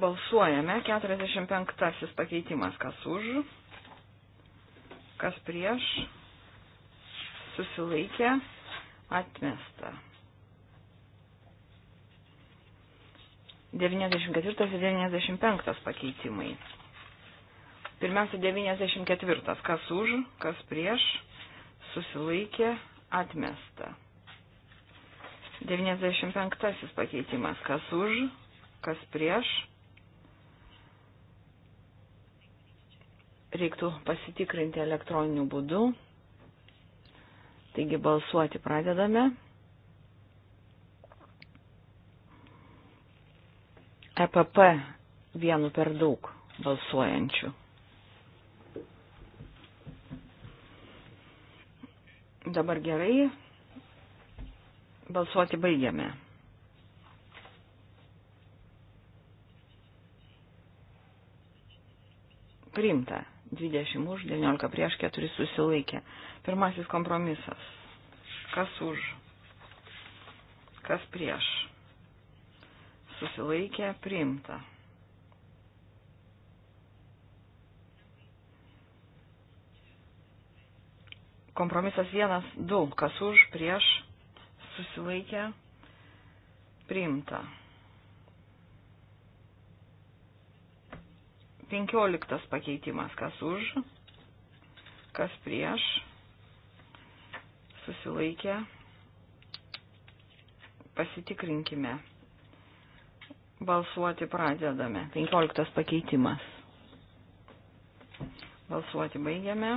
Balsuojame 45 pakeitimas, kas už, kas prieš, susilaikė, atmesta. 94 ir 95 pakeitimai. Pirmiausia, 94. Kas už, kas prieš, susilaikė, atmesta. 95 pakeitimas. Kas už, kas prieš, reiktų pasitikrinti elektroniniu būdu. Taigi balsuoti pradedame. EPP vienu per daug balsuojančių. Dabar gerai. Balsuoti baigiame. Priimta. 20 už, 19 prieš, 4 susilaikė. Pirmasis kompromisas. Kas už? Kas prieš? Susilaikė, priimta. Kompromisas vienas, du. Kas už, prieš, susilaikė, priimta. Penkioliktas pakeitimas, kas už, kas prieš, susilaikė, pasitikrinkime, balsuoti pradedame, penkioliktas pakeitimas, balsuoti baigiame.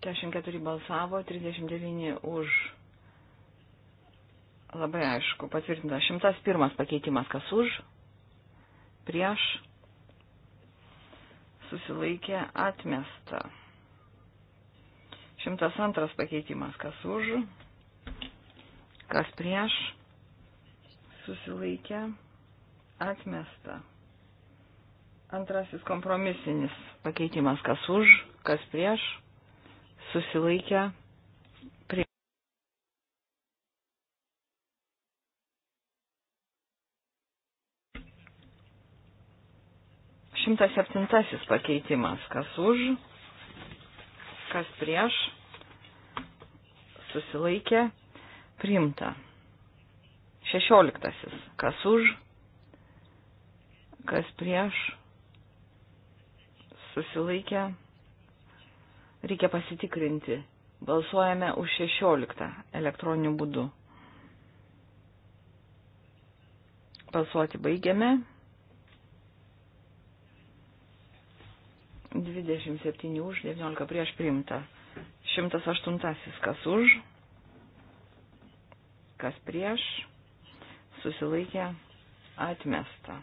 Kešim keturi balsavo, trisdešimt devyni už Labai aišku, patvirtinta. Šimtas pirmas pakeitimas, kas už, prieš, susilaikė atmesta. Šimtas antras pakeitimas, kas už, kas prieš, susilaikė atmesta. Antrasis kompromisinis pakeitimas, kas už, kas prieš, susilaikė 107 pakeitimas. Kas už, kas prieš, susilaikė, priimta. 16. Kas už, kas prieš, susilaikė, reikia pasitikrinti. Balsuojame už 16 elektroniniu būdu. Balsuoti baigiame. 27 už, 19 prieš priimta. 108 kas už, kas prieš, susilaikė atmesta.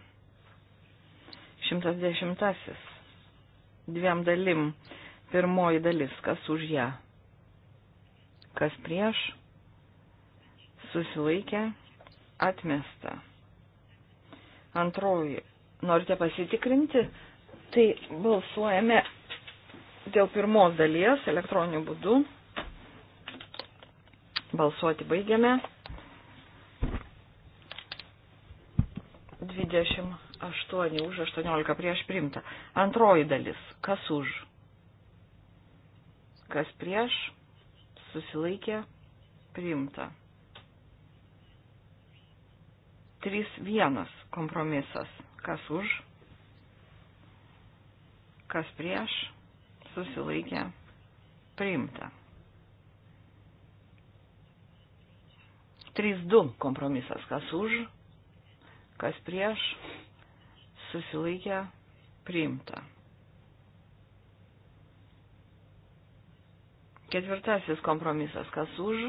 110 dviem dalim. Pirmoji dalis, kas už ją, kas prieš, susilaikė atmesta. Antroji, norite pasitikrinti? Tai balsuojame dėl pirmos dalies elektroniniu būdu. Balsuoti baigiame. 28 už, 18 prieš primta. Antroji dalis. Kas už? Kas prieš? Susilaikė primta. 3-1 kompromisas. Kas už? kas prieš, susilaikė, priimta. 3-2 kompromisas, kas už, kas prieš, susilaikė, priimta. Ketvirtasis kompromisas, kas už,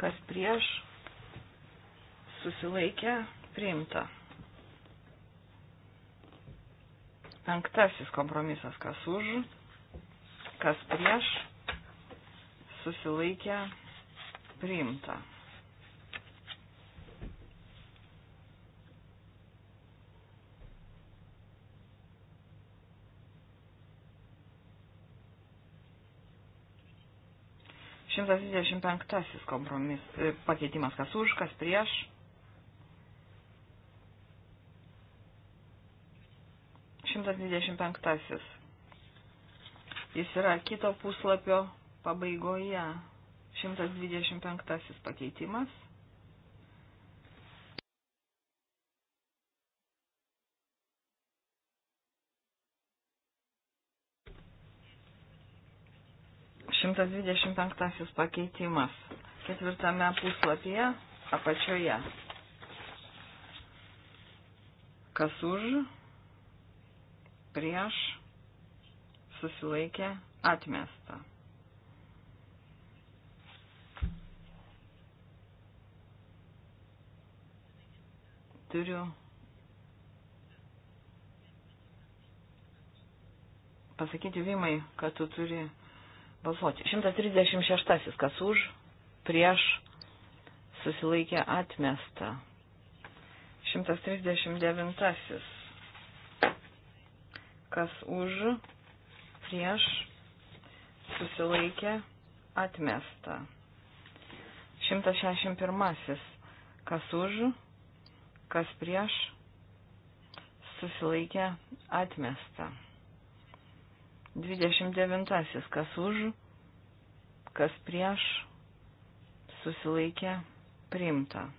kas prieš, susilaikė, priimta. Penktasis kompromisas, kas už, kas prieš, susilaikė, priimta. Šimtas dvidešimt penktasis kompromis, e, pakeitimas, kas už, kas prieš, 125. Jis yra kito puslapio pabaigoje. 125 pakeitimas. Šimtas dvidešimt penktasis pakeitimas ketvirtame puslapyje apačioje. Kas už? prieš, susilaikė, atmesta. Turiu pasakyti Vimai, kad tu turi balsuoti. 136, kas už, prieš, susilaikė atmesta. 139 kas už, prieš, susilaikė, atmesta. 161. Kas už, kas prieš, susilaikė, atmesta. 29. Kas už, kas prieš, susilaikė, priimta.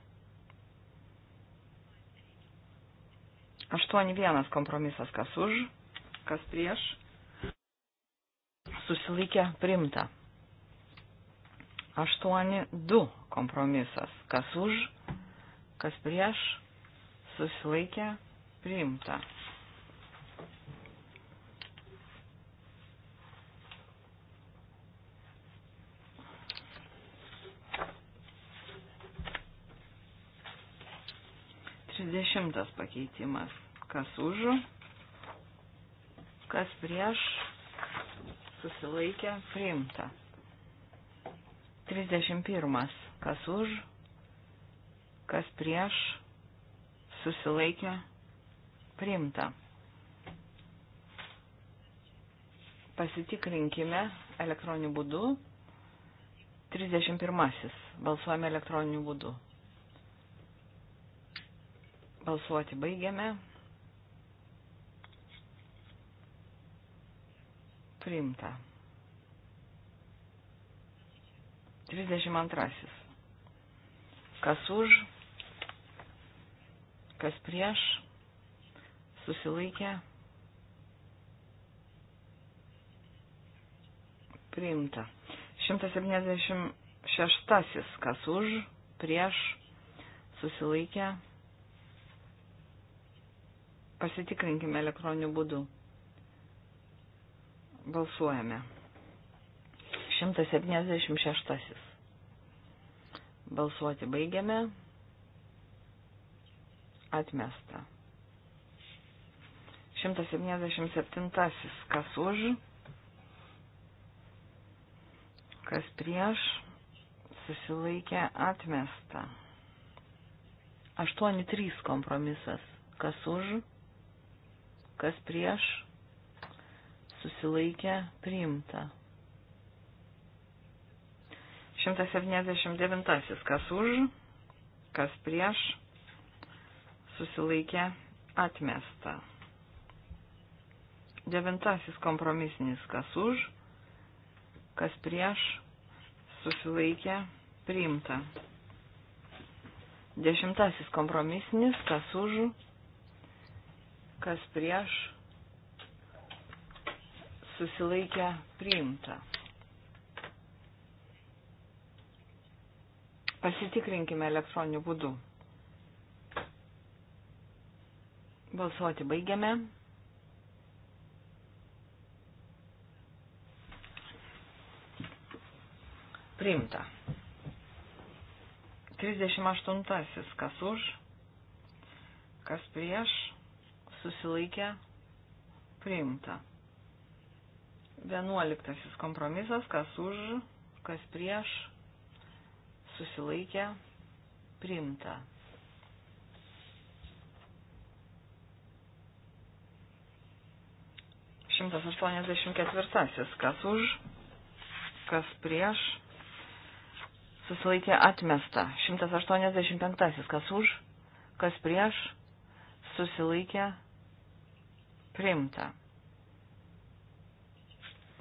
8.1 kompromisas, kas už, kas prieš, susilaikė primta. 8-2 kompromisas, kas už, kas prieš, susilaikė priimta. Trisdešimtas pakeitimas, kas už, kas prieš, susilaikė, priimta. 31. Kas už, kas prieš, susilaikė, priimta. Pasitikrinkime elektroniniu būdu. 31. Balsuojame elektroniniu būdu. Balsuoti baigiame. Priimta. 32. Kas už, kas prieš, susilaikė. Priimta. 176. Kas už, prieš, susilaikė. Pasitikrinkime elektroniniu būdu. Balsuojame. 176. Balsuoti baigiame. Atmesta. 177. Kas už? Kas prieš? Susilaikė atmesta. 8.3 kompromisas. Kas už? Kas prieš? susilaikė priimta. 179. Kas už, kas prieš, susilaikė atmesta. Devintasis kompromisinis. Kas už, kas prieš, susilaikė priimta. Dešimtasis kompromisinis. Kas už, kas prieš, susilaikę priimta. Pasitikrinkime elektroniniu būdu. Balsuoti baigiame. Priimta. 38. Kas už, kas prieš, susilaikė, priimta. Vienuoliktasis kompromisas, kas už, kas prieš, susilaikė, primta. Šimtas aštuoniasdešimt ketvirtasis, kas už, kas prieš, susilaikė atmesta. Šimtas aštuoniasdešimt penktasis, kas už, kas prieš, susilaikė, primta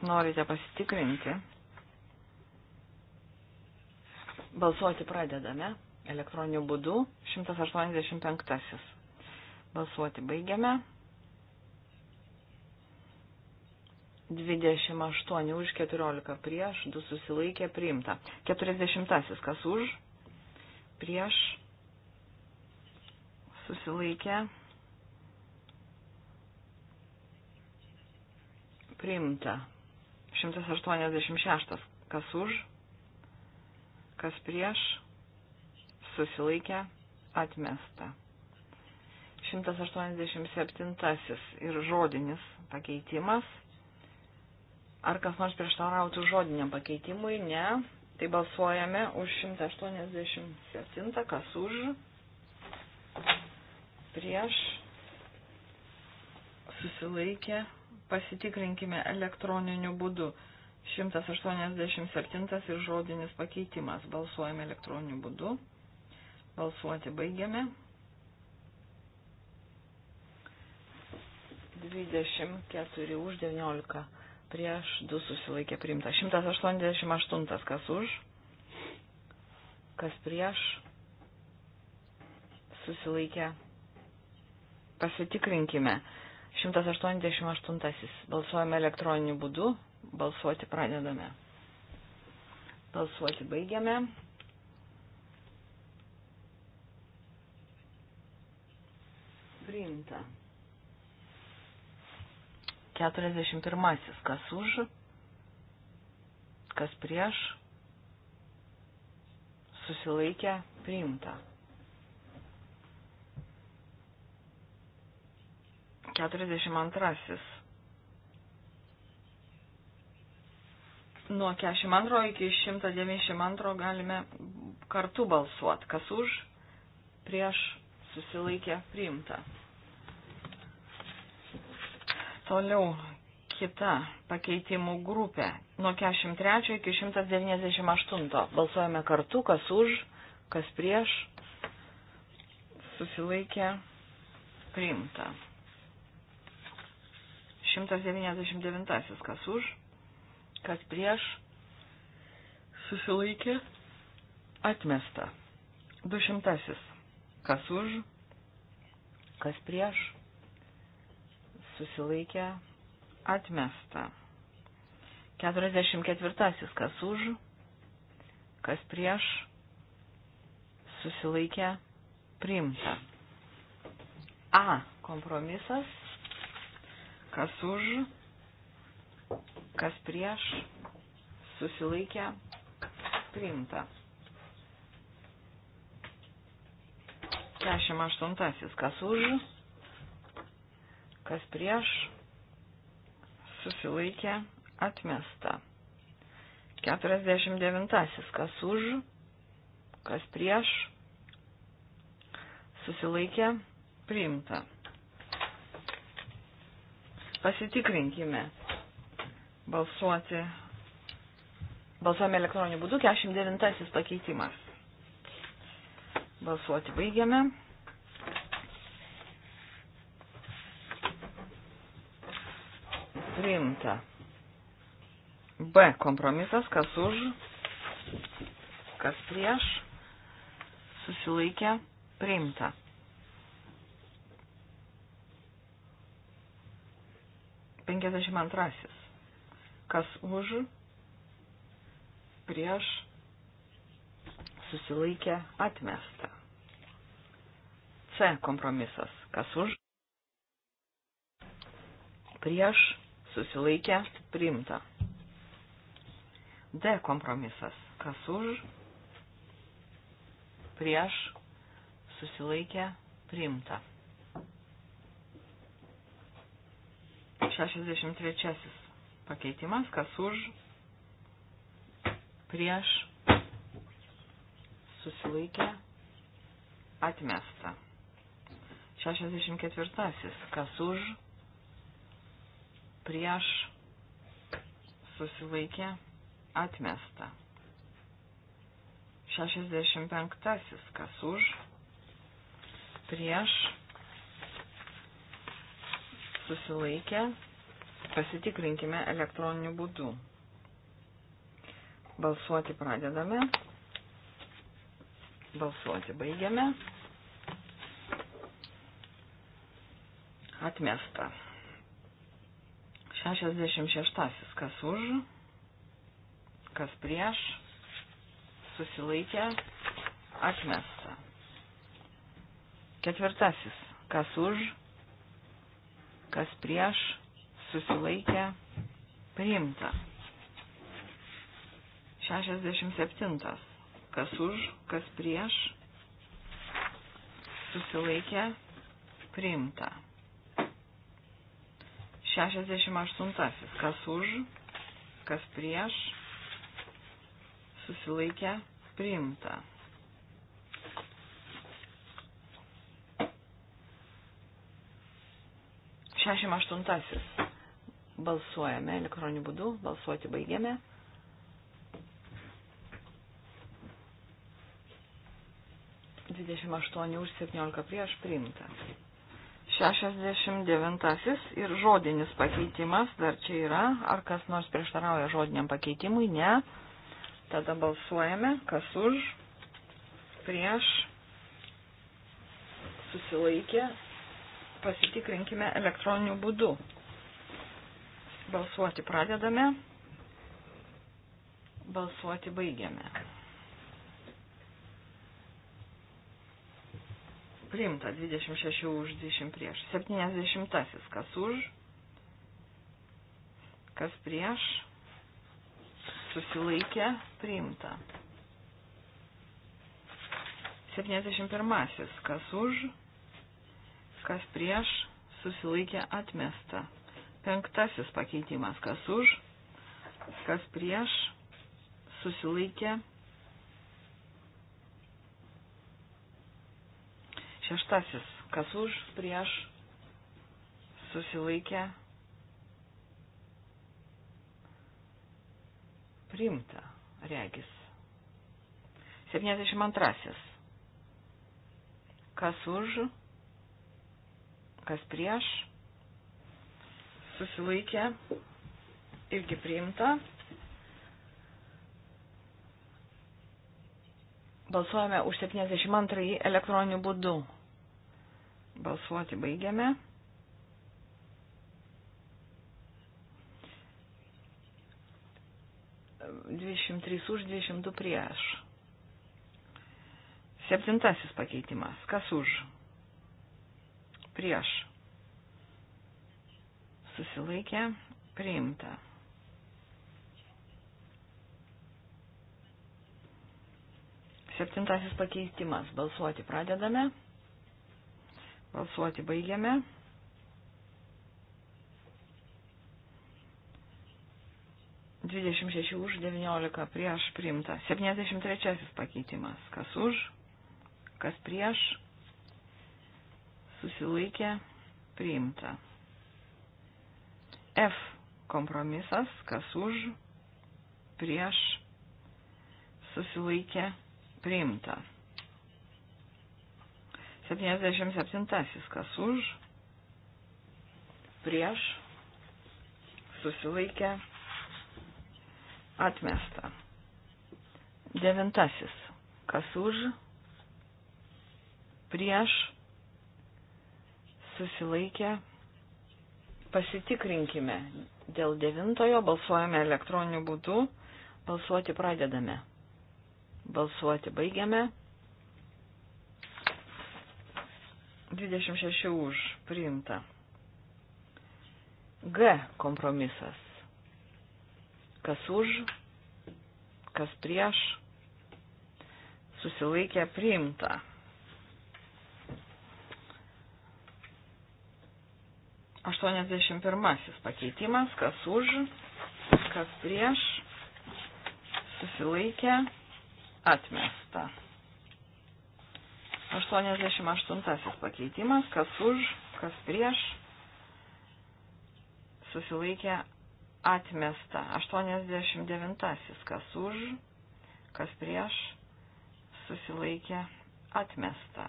norite pasitikrinti, balsuoti pradedame elektroniniu būdu 185. Balsuoti baigiame. 28 už 14 prieš, 2 susilaikė priimta. 40 kas už, prieš, susilaikė, priimta. 186. Kas už, kas prieš, susilaikę, atmesta. 187. Ir žodinis pakeitimas. Ar kas nors prieštarautų žodiniam pakeitimui? Ne. Tai balsuojame už 187. Kas už, prieš, susilaikę, atmesta pasitikrinkime elektroniniu būdu. 187 ir žodinis pakeitimas. Balsuojame elektroniniu būdu. Balsuoti baigiame. 24 už 19 prieš 2 susilaikė priimta. 188 kas už, kas prieš susilaikė. Pasitikrinkime. 188. Balsuojame elektroniniu būdu. Balsuoti pradedame. Balsuoti baigiame. Priimta. 41. Kas už? Kas prieš? Susilaikę? Priimta. 42. Nuo 42 iki 192 galime kartu balsuoti, kas už, prieš, susilaikė, priimta. Toliau kita pakeitimų grupė. Nuo 43 iki 198 balsuojame kartu, kas už, kas prieš, susilaikė, priimta. 199 kas už, kas prieš, susilaikė, atmesta. 200 kas už, kas prieš, susilaikė, atmesta. 44 kas už, kas prieš, susilaikė, priimta. A. Kompromisas Kas už, kas prieš, susilaikę, priimta. 48. Kas už, kas prieš, susilaikę, atmesta. 49. Kas už, kas prieš, susilaikę, priimta. Pasitikrinkime. Balsuoti. Balsuojame elektroniniu būdu. 49 pakeitimas. Balsuoti baigiame. Priimta. B. Kompromisas, kas už, kas prieš, susilaikė, priimta. 52. Kas už, prieš, susilaikė, atmesta. C kompromisas. Kas už, prieš, susilaikė, priimta. D kompromisas. Kas už, prieš, susilaikė, priimta. 163 pakeitimas, kas už, prieš, susilaikė, atmesta. 64. Kas už, prieš, susilaikė, atmesta. 65. Kas už, prieš, susilaikė, atmesta Pasitikrinkime elektroniniu būdu. Balsuoti pradedame. Balsuoti baigiame. Atmesta. 66. Kas už, kas prieš, susilaikė, atmesta. Ketvirtasis. Kas už, kas prieš, susilaikę, priimta. 67. Kas už, kas prieš, susilaikę, priimta. 68. Kas už, kas prieš, susilaikę, priimta. Šešim aštuntasis. Balsuojame elektroniniu būdu, balsuoti baigiame. Dvidešimt aštuoni už septyniolika prieš priimta. 69 ir žodinis pakeitimas dar čia yra. Ar kas nors prieštarauja žodiniam pakeitimui? Ne. Tada balsuojame, kas už, prieš, susilaikė. Pasitikrinkime elektroniniu būdu. Balsuoti pradedame. Balsuoti baigiame. Priimta 26 už 20 prieš. 70 kas už, kas prieš, susilaikė, priimta. 71 kas už, kas prieš, susilaikė, atmesta. Penktasis pakeitimas, kas už, kas prieš, susilaikė. Šeštasis, kas už, prieš, susilaikė. Primta, regis. 72. Kas už, kas prieš, susilaikė, irgi priimta. Balsuojame už 72 elektroninių būdų. Balsuoti baigiame. Dvidešimt trys už, dvidešimt du prieš. Septintasis pakeitimas. Kas už? Prieš susilaikė, priimta. Septintasis pakeistimas. Balsuoti pradedame. Balsuoti baigiame. Dvidešimt šeši už, devyniolika prieš priimta. Septyniasdešimt trečiasis pakeitimas. Kas už, kas prieš, susilaikė, priimta. F kompromisas, kas už, prieš, susilaikė, priimta. 77. kas už, prieš, susilaikė, atmesta. 9. kas už, prieš, susilaikė, atmesta Pasitikrinkime. Dėl devintojo balsuojame elektroniniu būdu. Balsuoti pradedame. Balsuoti baigiame. 26 už priimta. G kompromisas. Kas už, kas prieš, susilaikė priimta. 81 pakeitimas, kas už, kas prieš, susilaikė, atmesta. 88 pakeitimas, kas už, kas prieš, susilaikė, atmesta. 89 kas už, kas prieš, susilaikė, atmesta.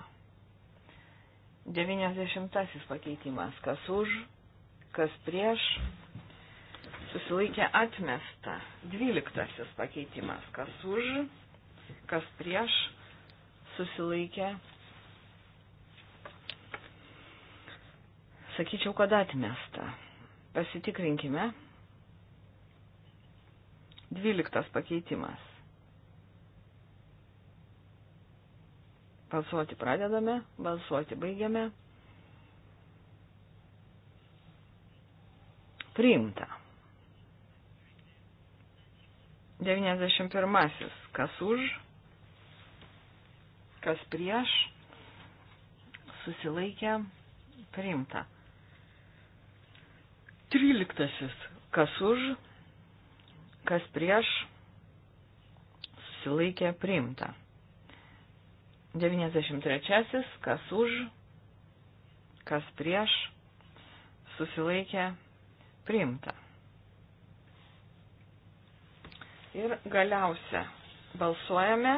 90 pakeitimas. Kas už, kas prieš, susilaikė atmesta. 12 pakeitimas. Kas už, kas prieš, susilaikė. Sakyčiau, kad atmesta. Pasitikrinkime. 12 pakeitimas. Balsuoti pradedame, balsuoti baigiame. Priimta. 91. Kas už, kas prieš, susilaikė, priimta. 13. Kas už, kas prieš, susilaikė, priimta. 93. Kas už, kas prieš, susilaikė, priimta. Ir galiausia balsuojame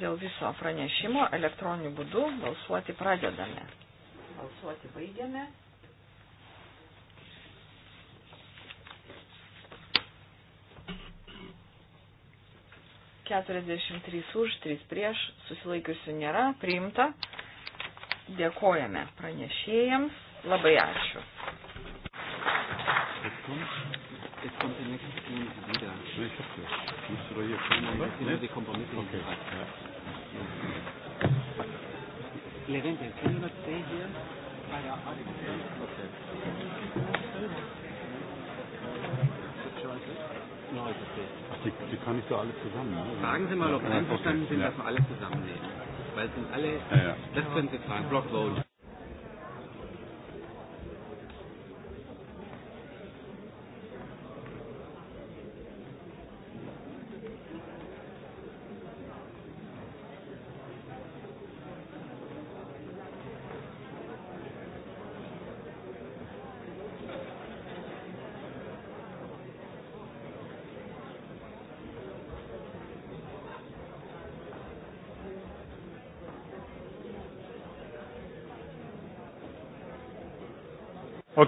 dėl viso pranešimo elektroniniu būdu. Balsuoti pradedame. Balsuoti baigiame. 43 už, 3 prieš, susilaikiusių nėra, priimta. Dėkojame pranešėjams, labai ačiū. Jetzt kommt der nächste Termin wieder. Ich hab das. Musst du da hier kommen, oder? Nein, die Kompromisse. Okay. Ja. Levente, 210 hier. Ah ja, okay wirklich? Ja, ich verstehe. Ach, die, die kann ich so alle zusammen. Ne? Fragen Sie mal, ob ja, einverstanden okay. sind, ja. dass wir alle zusammennehmen. Weil es sind alle, ja, ja. das können Sie fragen, Block Vote.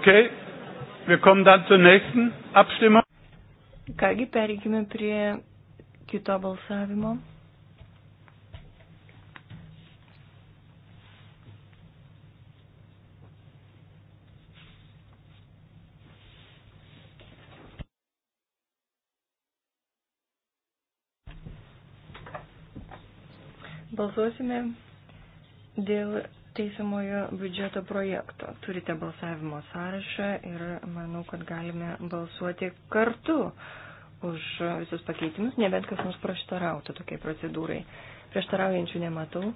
Okay, wir kommen dann zur nächsten Abstimmung. Kągi, pereikime prie kito balsavimo. Balsuosime dėl teisimojo biudžeto projekto. Turite balsavimo sąrašą ir manau, kad galime balsuoti kartu už visus pakeitimus, nebent kas mums prieštarautų tokiai procedūrai. Prieštaraujančių nematau.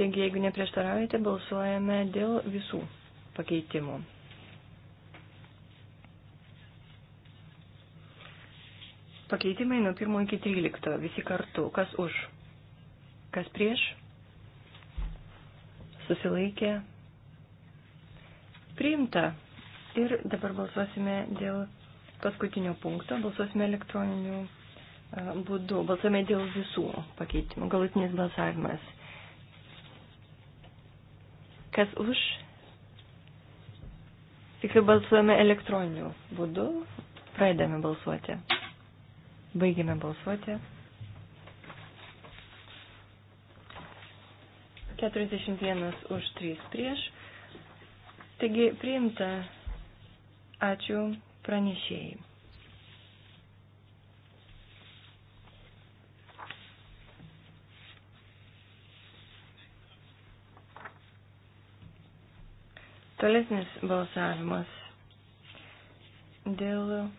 Taigi, jeigu neprieštaraujate, balsuojame dėl visų pakeitimų. Pakeitimai nuo 1 iki 13, visi kartu. Kas už? Kas prieš? susilaikė, priimta. Ir dabar balsuosime dėl paskutinio punkto, balsuosime elektroniniu būdu, balsuosime dėl visų pakeitimų, galutinis balsavimas. Kas už? Tiksliau balsuojame elektroniniu būdu, pradedame balsuoti, baigiame balsuoti. 41 už 3 prieš. Taigi priimta. Ačiū pranešėjai. Tolesnis balsavimas dėl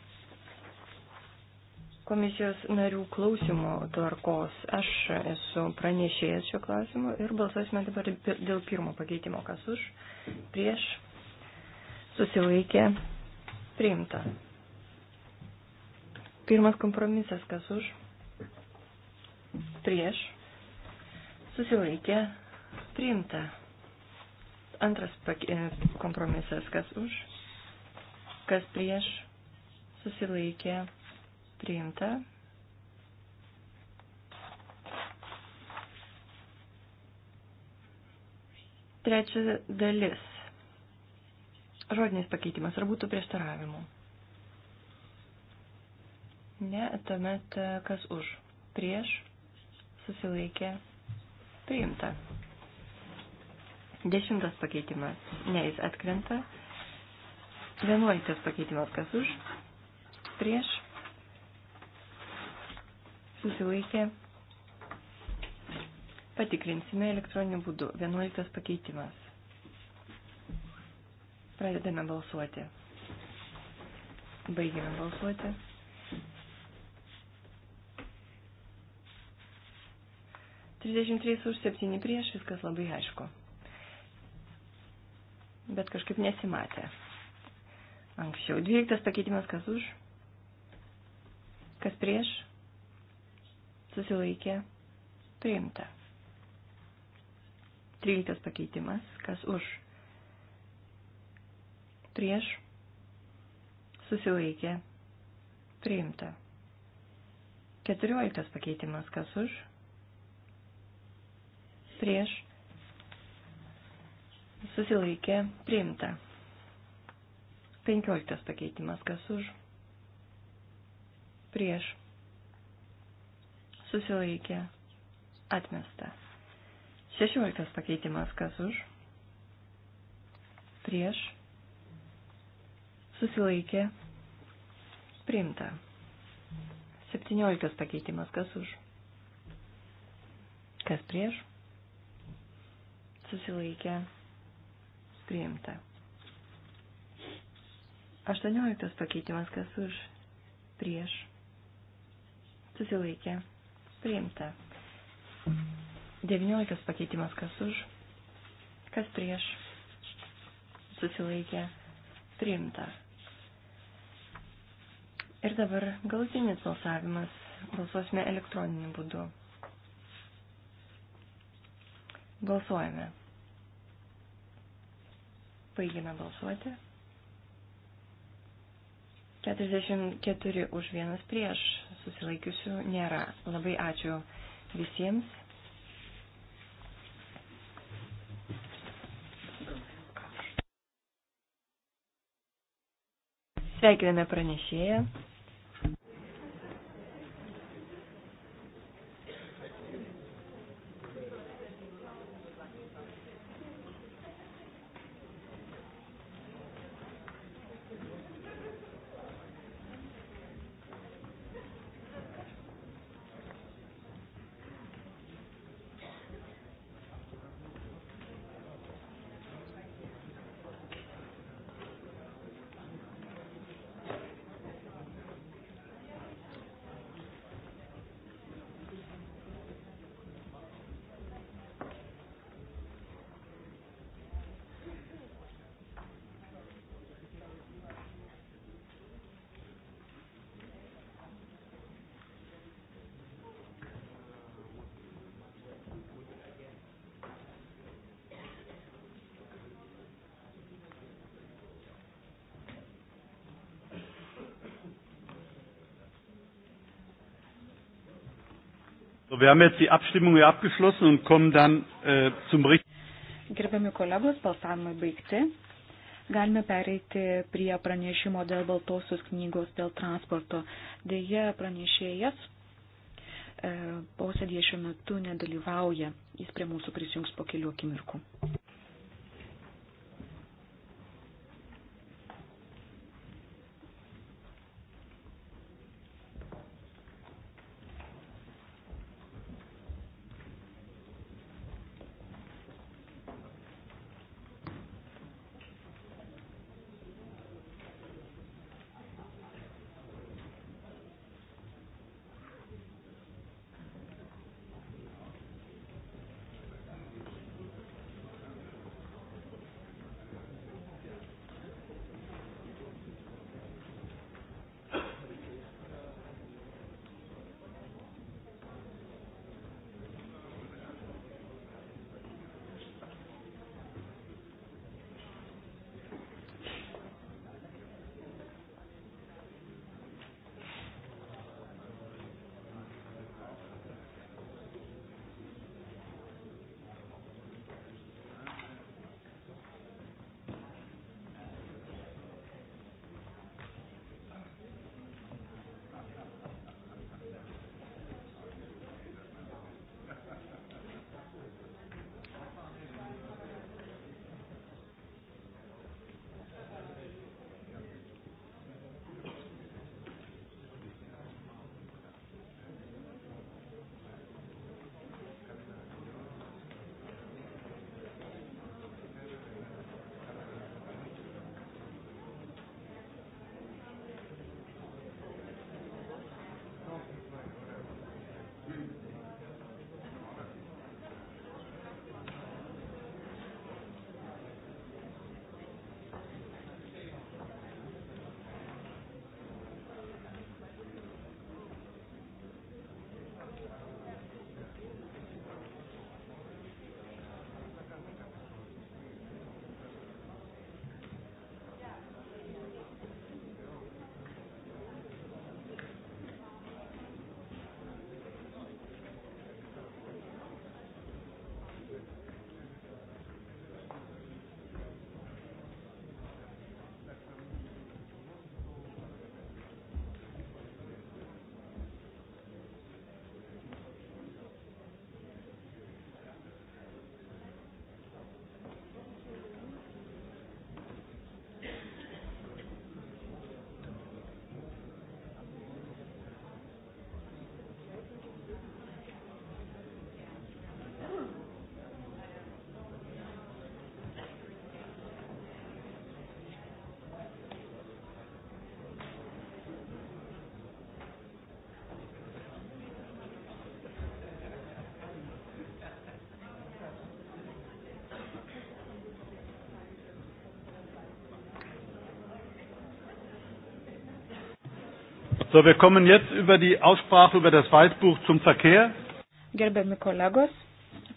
komisijos narių klausimų tvarkos. Aš esu pranešėjęs šio klausimu ir balsuosime dabar dėl pirmo pakeitimo, kas už, prieš, susilaikė, priimta. Pirmas kompromisas, kas už, prieš, susilaikė, priimta. Antras e, kompromisas, kas už, kas prieš, susilaikė, priimta priimta. Trečia dalis. Žodinis pakeitimas. Ar būtų prieštaravimų? Ne, tuomet e, kas už? Prieš susilaikė priimta. Dešimtas pakeitimas. Ne, jis atkrenta. Vienuoliktas pakeitimas. Kas už? Prieš susilaikė. Patikrinsime elektroniniu būdu. 11 pakeitimas. Pradedame balsuoti. Baigiame balsuoti. Trisdešimt trys už septyni prieš, viskas labai aišku. Bet kažkaip nesimatė. Anksčiau dvyliktas pakeitimas kas už, kas prieš, susilaikė, priimta. 13 pakeitimas, kas už, prieš, susilaikė, priimta. 14 pakeitimas, kas už, prieš, susilaikė, priimta. 15 pakeitimas, kas už, prieš, susilaikė, atmesta. 16 pakeitimas, kas už, prieš, susilaikė, priimta. 17 pakeitimas, kas už, kas prieš, susilaikė, priimta. 18 pakeitimas, kas už, prieš, susilaikė, priimta priimta. 19 pakeitimas kas už, kas prieš, susilaikė, priimta. Ir dabar galutinis balsavimas. Balsuosime elektroniniu būdu. Balsuojame. Baigime balsuoti. 44 už vienas prieš susilaikiusių nėra. Labai ačiū visiems. Sveikiname pranešėją. So, wir haben jetzt die Abstimmung hier abgeschlossen und kommen dann äh, zum Bericht. Gerbiami kolegos, balsavimai baigti. Galime pereiti prie pranešimo dėl baltosios knygos dėl transporto. Deja, pranešėjas e, posėdėje šiuo metu nedalyvauja. Jis prie mūsų prisijungs po kelių akimirkų. So, wir kommen jetzt über die Aussprache über das Weißbuch zum Verkehr. Gerbiami kolegos,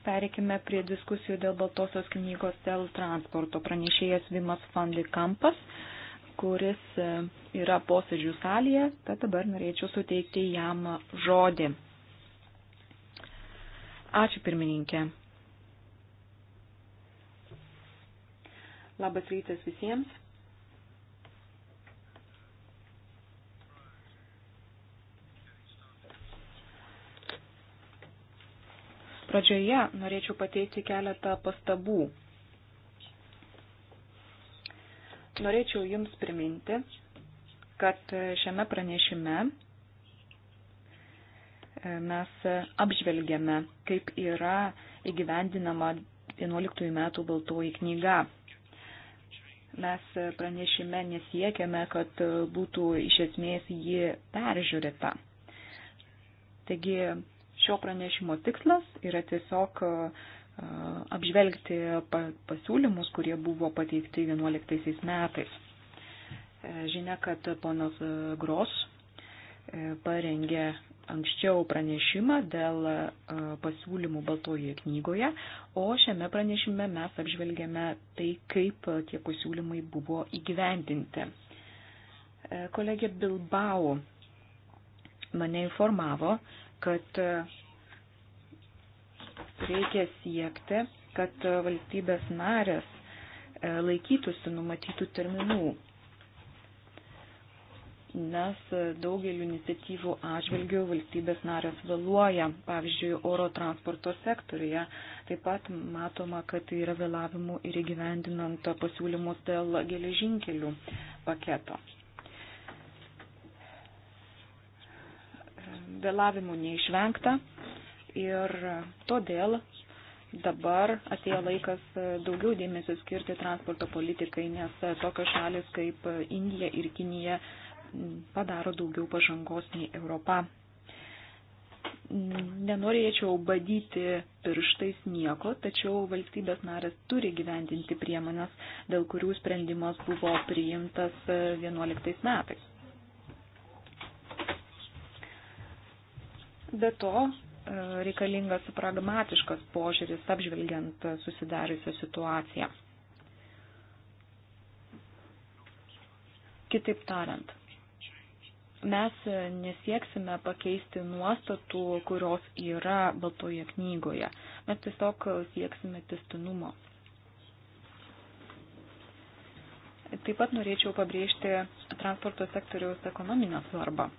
pereikime prie diskusijų dėl Baltosios knygos dėl transporto. Pranešėjas Vimas van Likampas, kuris e, yra posėdžių salėje, tad dabar norėčiau suteikti jam žodį. Ačiū pirmininkė. Labas rytas visiems. Pradžioje norėčiau pateikti keletą pastabų. Norėčiau Jums priminti, kad šiame pranešime mes apžvelgiame, kaip yra įgyvendinama 11 metų baltoji knyga. Mes pranešime nesiekiame, kad būtų iš esmės ji peržiūrėta. Taigi šio pranešimo tikslas yra tiesiog e, apžvelgti pasiūlymus, kurie buvo pateikti 11 metais. E, žinia, kad ponas e, Gros parengė anksčiau pranešimą dėl pasiūlymų baltojoje knygoje, o šiame pranešime mes apžvelgėme tai, kaip tie pasiūlymai buvo įgyvendinti. Kolegė Bilbao mane informavo, kad e, reikia siekti, kad valstybės narės e, laikytųsi numatytų terminų, nes daugeliu iniciatyvų atžvilgių valstybės narės vėluoja, pavyzdžiui, oro transporto sektoriuje. Taip pat matoma, kad yra vėlavimų ir įgyvendinant pasiūlymus dėl geležinkelių paketo. vėlavimų neišvengta ir todėl dabar atėjo laikas daugiau dėmesio skirti transporto politikai, nes tokios šalis kaip Indija ir Kinija padaro daugiau pažangos nei Europa. Nenorėčiau badyti pirštais nieko, tačiau valstybės narės turi gyvendinti priemonės, dėl kurių sprendimas buvo priimtas 2011 metais. Be to, e, reikalingas pragmatiškas požiūris apžvelgiant susidariusią situaciją. Kitaip tariant, mes nesieksime pakeisti nuostatų, kurios yra Baltoje knygoje. Mes tiesiog sieksime testinumo. Taip pat norėčiau pabrėžti transporto sektoriaus ekonominę svarbą.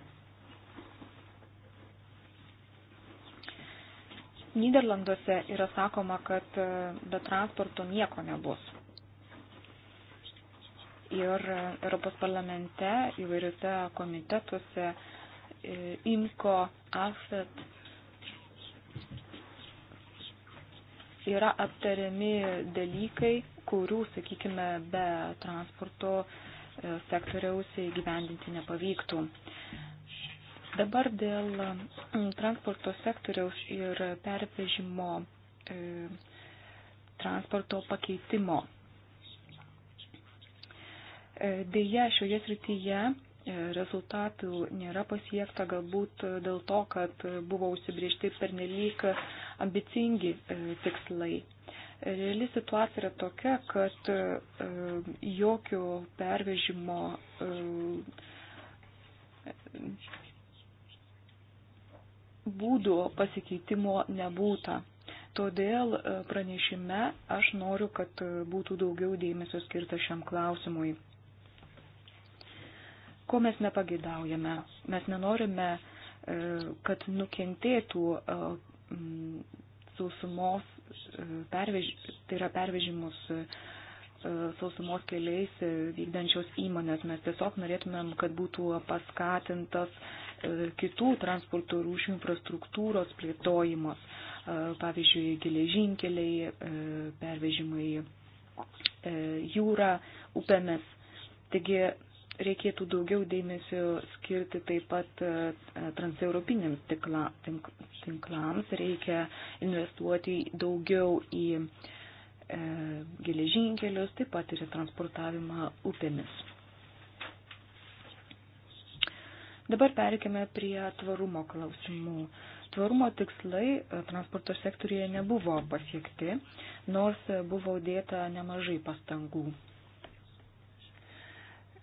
Niderlanduose yra sakoma, kad e, be transporto nieko nebus. Ir e, Europos parlamente įvairiuose komitetuose e, IMCO, AFET yra aptariami dalykai, kurių, sakykime, be transporto sektoriaus įgyvendinti nepavyktų. Dabar dėl mm, transporto sektoriaus ir pervežimo e, transporto pakeitimo. E, Deja, šioje srityje e, rezultatų nėra pasiekta galbūt dėl to, kad buvo užsibriežti pernelyg ambicingi tikslai. Reali situacija yra tokia, kad jokio pervežimo būdų pasikeitimo nebūta. Todėl e, pranešime aš noriu, kad e, būtų daugiau dėmesio skirta šiam klausimui. Ko mes nepageidaujame? Mes nenorime, e, kad nukentėtų sausumos pervež, tai yra pervežimus sausumos keliais vykdančios įmonės. Mes tiesiog norėtumėm, kad būtų paskatintas kitų transporto rūšių infrastruktūros plėtojimas, e, pavyzdžiui, geležinkeliai, e, pervežimai e, jūra, upėmis. Taigi reikėtų daugiau dėmesio skirti taip pat transeuropiniams tinkla, tink, tinklams, reikia investuoti daugiau į e, geležinkelius, taip pat ir transportavimą upėmis. Dabar perikime prie tvarumo klausimų. Tvarumo tikslai e, transporto sektorijoje nebuvo pasiekti, nors buvo dėta nemažai pastangų.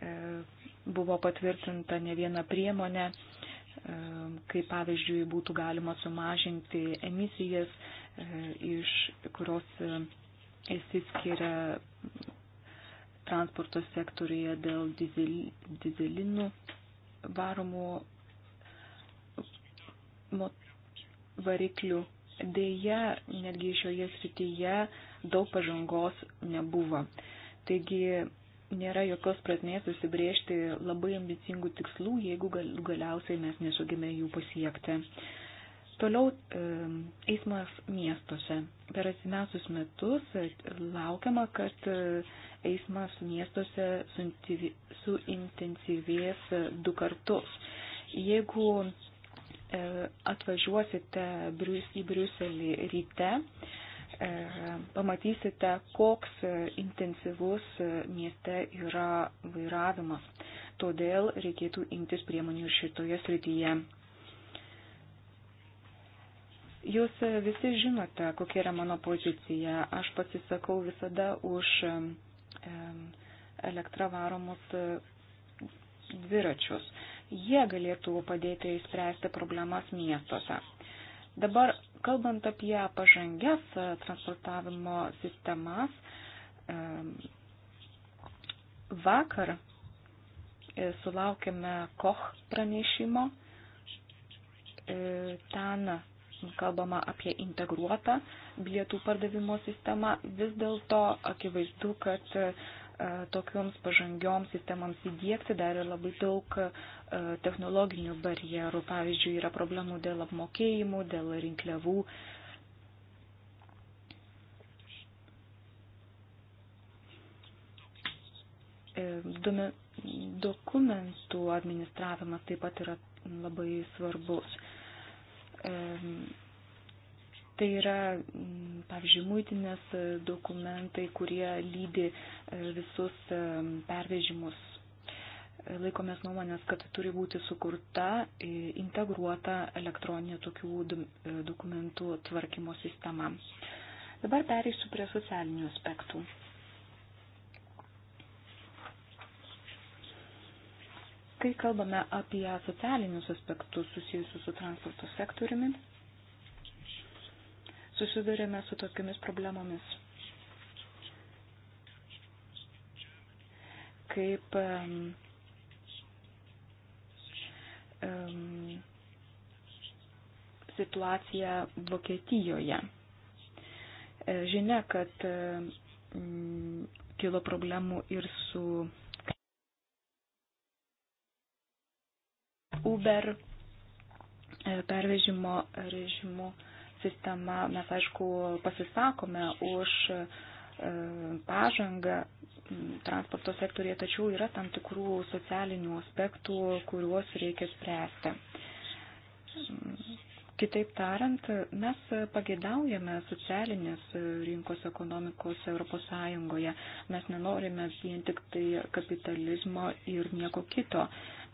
E, buvo patvirtinta ne viena priemonė, e, kaip pavyzdžiui būtų galima sumažinti emisijas, iš kurios įsiskiria transporto sektorija dėl dizel, dizelinų varomų variklių. Deja, netgi šioje srityje daug pažangos nebuvo. Taigi nėra jokios prasmės susibriežti labai ambicingų tikslų, jeigu gal, galiausiai mes nesugime jų pasiekti. Toliau eismas miestuose. Per atsimesius metus e, laukiama, kad e, eismas miestuose suintensyvės du kartus. Jeigu e, atvažiuosite į Briuselį ryte, e, pamatysite, koks intensyvus mieste yra vairavimas. Todėl reikėtų imtis priemonių šitoje srityje. Jūs visi žinote, kokia yra mano pozicija. Aš pasisakau visada už elektrą varomus e, dviračius. Jie galėtų padėti įspręsti problemas miestuose. Dabar, kalbant apie pažangias e, transportavimo sistemas, vakar e, sulaukėme Koch pranešimo. Ten kalbama apie integruotą bilietų pardavimo sistema, vis dėlto akivaizdu, kad e, tokioms pažangioms sistemams įdėkti dar yra labai daug e, technologinių barjerų. Pavyzdžiui, yra problemų dėl apmokėjimų, dėl rinkliavų. E, dokumentų administravimas taip pat yra labai svarbus Tai yra, mm, pavyzdžiui, muitinės e, dokumentai, kurie lydi e, visus e, pervežimus. Laikomės nuomonės, kad turi būti sukurta integruota elektroninė tokių dokumentų tvarkymo sistema. Dabar pereisiu prie socialinių aspektų. Kai kalbame apie socialinius aspektus susijusius su transporto sektoriumi, susidurėme su tokiamis problemomis. Kaip um, um, situacija Vokietijoje. E, žinia, kad um, kilo problemų ir su Uber e, pervežimo režimu sistema. Mes, aišku, pasisakome už e, pažangą transporto sektorėje, tačiau yra tam tikrų socialinių aspektų, kuriuos reikia spręsti. Kitaip tariant, mes pageidaujame socialinės rinkos ekonomikos ES. Mes nenorime vien tik tai kapitalizmo ir nieko kito.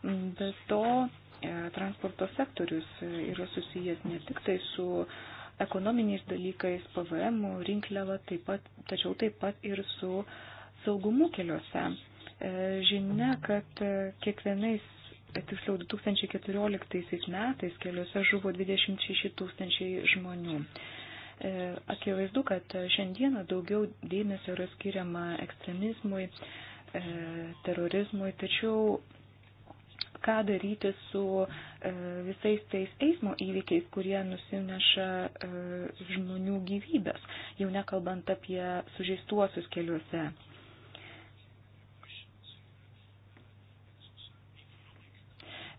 Be to, e, transporto sektorius yra susijęs ne tik tai su uh, ekonominiais dalykais, PVM, rinkliava, taip pat, tačiau taip pat ir su saugumu keliuose. E, žinia, kad e, kiekvienais, e, tiksliau 2014 metais keliuose žuvo 26 tūkstančiai žmonių. Akivaizdu, kad šiandieną daugiau dėmesio yra skiriama ekstremizmui, terorizmui, tačiau ką daryti su e, visais tais eismo įvykiais, kurie nusineša e, žmonių gyvybės, jau nekalbant apie sužeistuosius keliuose.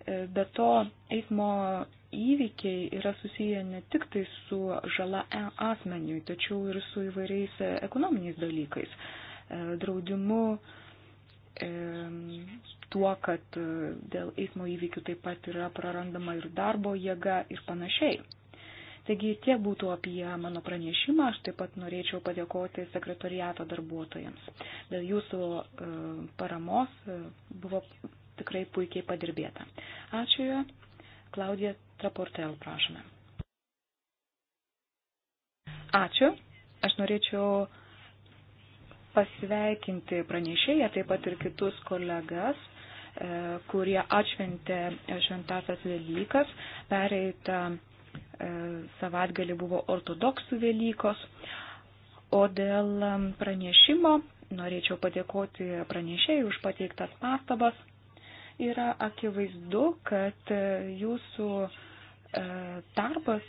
E, be to, eismo įvykiai yra susiję ne tik tai su žala asmeniui, tačiau ir su įvairiais ekonominiais dalykais, draudimu, tuo, kad e, dėl eismo įvykių taip pat yra prarandama ir darbo jėga ir panašiai. Taigi tiek būtų apie mano pranešimą, aš taip pat norėčiau padėkoti sekretariato darbuotojams. Dėl jūsų e, paramos e, buvo tikrai puikiai padirbėta. Ačiū. Klaudija Traportel, prašome. Ačiū. Aš norėčiau pasveikinti pranešėją, taip pat ir kitus kolegas, e, kurie atšventė šventasias Velykas. Pereitą e, savatgalį buvo ortodoksų Velykos. O dėl e, pranešimo norėčiau padėkoti pranešėjai už pateiktas pastabas. Yra akivaizdu, kad jūsų darbas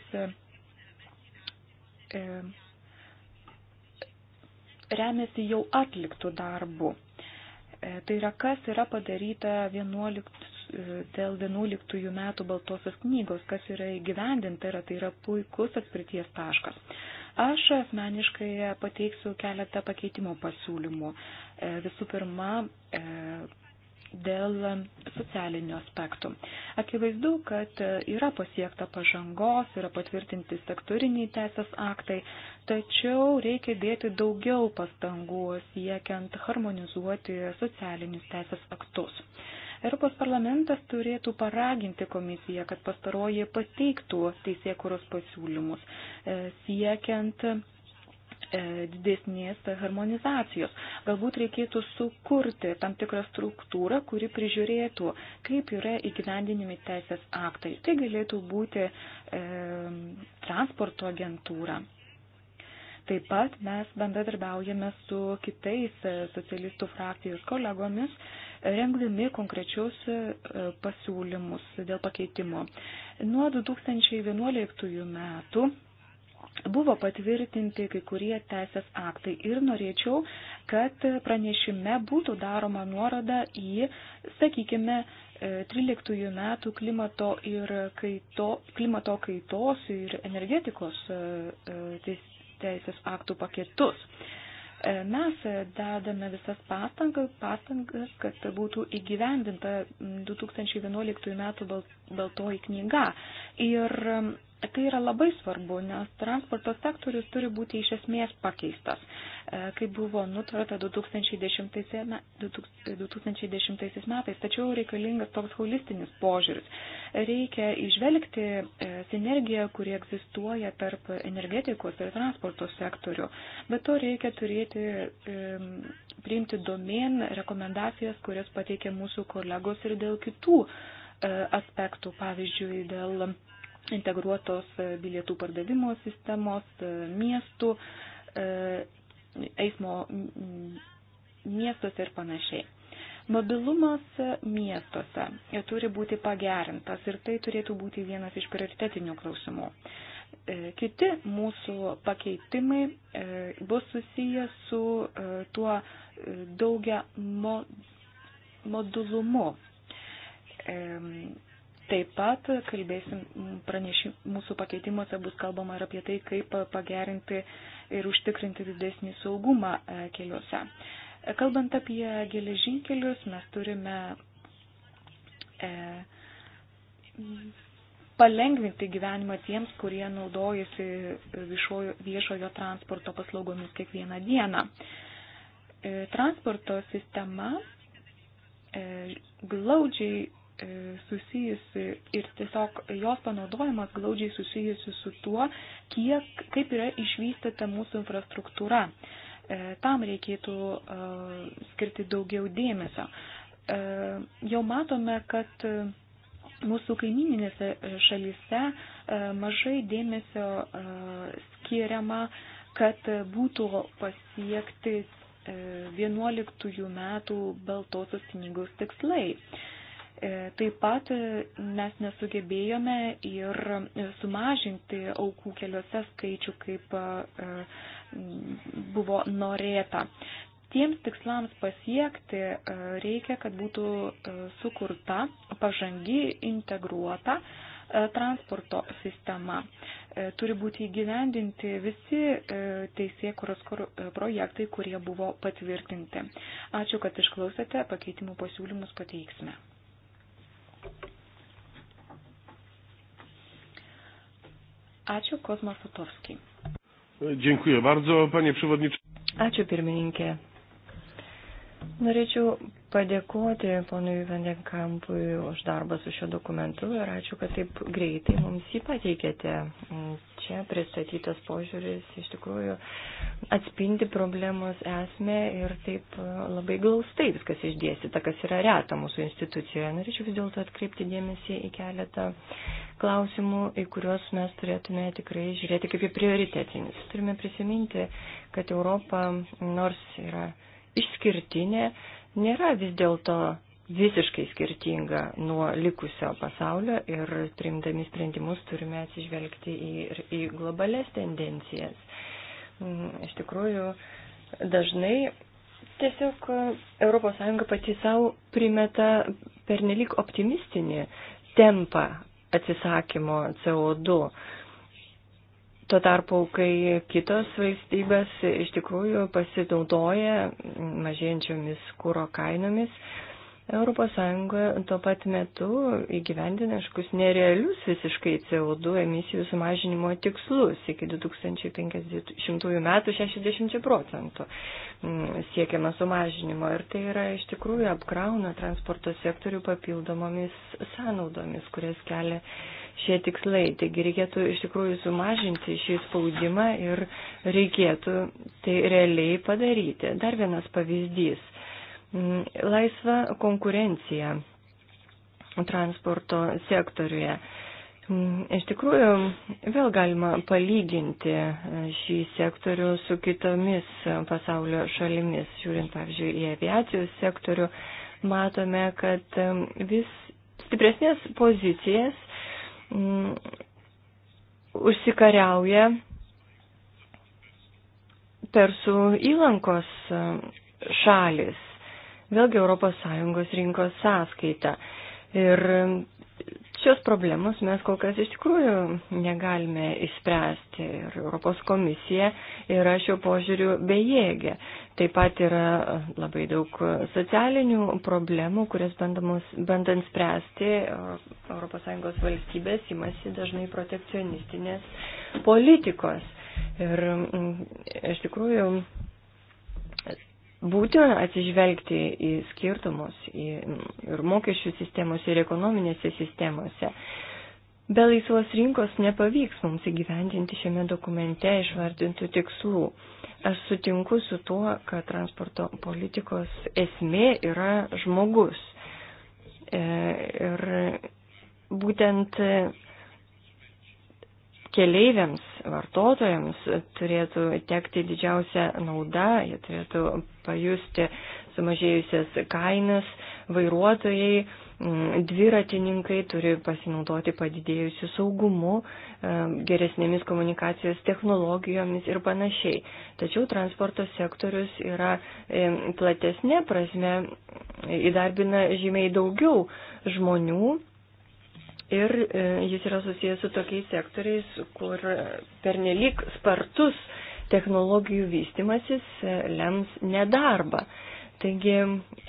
remiasi jau atliktų darbų. E, tai yra, kas yra padaryta 11, e, dėl 11 metų Baltosios knygos, kas yra įgyvendinta, yra, tai yra puikus atspirties taškas. Aš asmeniškai pateiksiu keletą pakeitimo pasiūlymų. E, visų pirma, dėl socialinių aspektų. Akivaizdu, kad yra pasiekta pažangos, yra patvirtinti sektoriniai teisės aktai, tačiau reikia dėti daugiau pastangų siekiant harmonizuoti socialinius teisės aktus. Europos parlamentas turėtų paraginti komisiją, kad pastaroji pateiktų teisėkuros pasiūlymus, e, siekiant E, didesnės harmonizacijos. Galbūt reikėtų sukurti tam tikrą struktūrą, kuri prižiūrėtų, kaip yra įgyvendinimi teisės aktai. Tai galėtų būti e, transporto agentūra. Taip pat mes bendradarbiaujame su kitais e, socialistų frakcijos kolegomis, rengdami konkrečius e, pasiūlymus dėl pakeitimo. Nuo 2011 metų Buvo patvirtinti kai kurie teisės aktai ir norėčiau, kad pranešime būtų daroma nuoroda į, sakykime, 13 e, metų klimato ir kaito, klimato kaitos ir energetikos e, e, teisės aktų paketus. Mes dedame visas pastangas, pastangas kad būtų įgyvendinta 2011 metų baltoji knyga. Ir Tai yra labai svarbu, nes transporto sektorius turi būti iš esmės pakeistas, e, kaip buvo nutvarta 2010, 2010 metais, tačiau reikalingas toks holistinis požiūris. Reikia išvelgti e, sinergiją, kuri egzistuoja tarp energetikos ir transporto sektorių, bet to reikia turėti, e, priimti domen rekomendacijas, kurias pateikė mūsų kolegos ir dėl kitų aspektų, pavyzdžiui, dėl integruotos e, bilietų pardavimo sistemos, e, miestų, e, eismo miestuose ir panašiai. Mobilumas miestuose turi būti pagerintas ir tai turėtų būti vienas iš prioritetinių klausimų. Kiti mūsų pakeitimai bus susiję su tuo daugia modulumu Taip pat kalbėsim, pranešim, mūsų pakeitimuose bus kalbama ir apie tai, kaip pagerinti ir užtikrinti didesnį saugumą e, keliuose. E, kalbant apie geležinkelius, mes turime e, palengvinti gyvenimą tiems, kurie naudojasi viešojo, viešojo transporto paslaugomis kiekvieną dieną. E, transporto sistema e, glaudžiai E, susijusi ir tiesiog jos panaudojimas glaudžiai susijusi su tuo, kiek, kaip yra išvystyta mūsų infrastruktūra. E, tam reikėtų e, skirti daugiau dėmesio. Jau matome, kad mūsų kaimininėse šalyse mažai dėmesio skiriama, kad būtų pasiekti 11 metų baltosios knygos tikslai. E, taip pat e, mes nesugebėjome ir sumažinti aukų keliuose skaičių, kaip e, buvo norėta. Tiems tikslams pasiekti reikia, kad būtų sukurta pažangi integruota transporto sistema. Turi būti įgyvendinti visi teisėkuros projektai, kurie buvo patvirtinti. Ačiū, kad išklausėte, pakeitimų pasiūlymus pateiksime. Ačiū, Kozmas Sutovskiai. Dziękuję bardzo, panie przewodniczący. Ačiū, pirmininkė. Norėčiau padėkoti ponui Vandenkampui už darbą su šiuo dokumentu ir ačiū, kad taip greitai mums jį pateikėte. Čia pristatytas požiūris iš tikrųjų atspindi problemos esmę ir taip labai glaustai viskas išdėstyta, kas yra reta mūsų institucijoje. Norėčiau vis dėlto atkreipti dėmesį į keletą klausimų, į kuriuos mes turėtume tikrai žiūrėti kaip į prioritetinius. Turime prisiminti, kad Europa nors yra išskirtinė nėra vis dėlto visiškai skirtinga nuo likusio pasaulio ir priimdami sprendimus turime atsižvelgti į, į globales tendencijas. Mm, iš tikrųjų, dažnai tiesiog ES pati savo primeta pernelik optimistinį tempą atsisakymo CO2 Tuo tarpu, kai kitos valstybės iš tikrųjų pasinaudoja mažėjančiomis kūro kainomis, ES tuo pat metu įgyvendina iškus nerealius visiškai CO2 emisijų sumažinimo tikslus iki 2050 metų 60 procentų mm, siekiama sumažinimo. Ir tai yra iš tikrųjų apkrauna transporto sektorių papildomomis sąnaudomis, kurias kelia šie tikslai. Taigi reikėtų iš tikrųjų sumažinti šį spaudimą ir reikėtų tai realiai padaryti. Dar vienas pavyzdys. Mm, laisva konkurencija transporto sektoriuje. Mm, iš tikrųjų, vėl galima palyginti e, šį sektorių su kitomis pasaulio šalimis. Žiūrint, pavyzdžiui, į aviacijos sektorių, matome, kad e, vis stipresnės pozicijas mm, užsikariauja Persų įlankos e, šalis, vėlgi ES rinkos sąskaita. Ir Šios problemos mes kol kas iš tikrųjų negalime išspręsti ir Europos komisija yra šio požiūriu bejėgė. Taip pat yra labai daug socialinių problemų, kurias bandant spręsti ES valstybės imasi dažnai protekcionistinės politikos. Ir mm, iš tikrųjų būtina atsižvelgti į skirtumus į, ir mokesčių sistemose, ir ekonominėse sistemose. Be laisvos rinkos nepavyks mums įgyvendinti šiame dokumente išvardintų tikslų. Aš sutinku su tuo, kad transporto politikos esmė yra žmogus. E, ir būtent keleiviams vartotojams turėtų tekti didžiausia nauda, jie turėtų pajusti sumažėjusias kainas, vairuotojai, mm, dviratininkai turi pasinaudoti padidėjusiu saugumu, e, geresnėmis komunikacijos technologijomis ir panašiai. Tačiau transporto sektorius yra e, platesnė prasme, įdarbina žymiai daugiau žmonių Ir e, jis yra susijęs su tokiais sektoriais, kur pernelyg spartus technologijų vystimasis e, lems nedarbą. Taigi,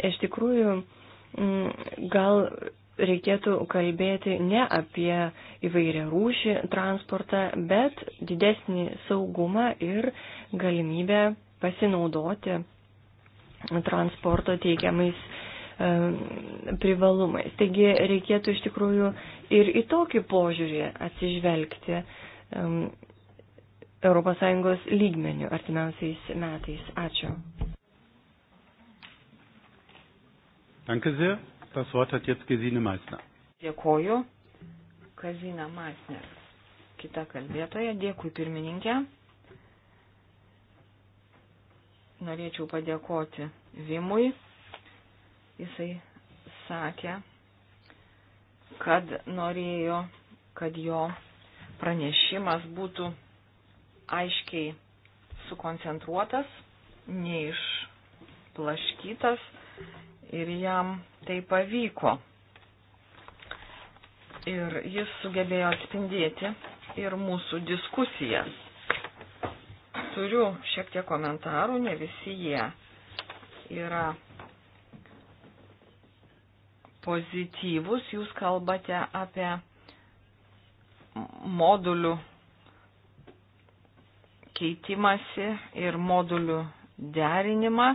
iš tikrųjų, gal reikėtų kalbėti ne apie įvairią rūšį transportą, bet didesnį saugumą ir galimybę pasinaudoti transporto teikiamais E, privalumais. Taigi reikėtų iš tikrųjų ir į tokį požiūrį atsižvelgti e, ES lygmenių artimiausiais metais. Ačiū. Danke sehr. Das Wort hat jetzt Gesine Meissner. Dėkoju. Kazina Meissner. Kita kalbėtoja. Dėkui pirmininkė. Norėčiau padėkoti Vimui Jisai sakė, kad norėjo, kad jo pranešimas būtų aiškiai sukoncentruotas, neišplaškytas ir jam tai pavyko. Ir jis sugebėjo atspindėti ir mūsų diskusijas. Turiu šiek tiek komentarų, ne visi jie yra pozityvus, jūs kalbate apie modulių keitimąsi ir modulių derinimą.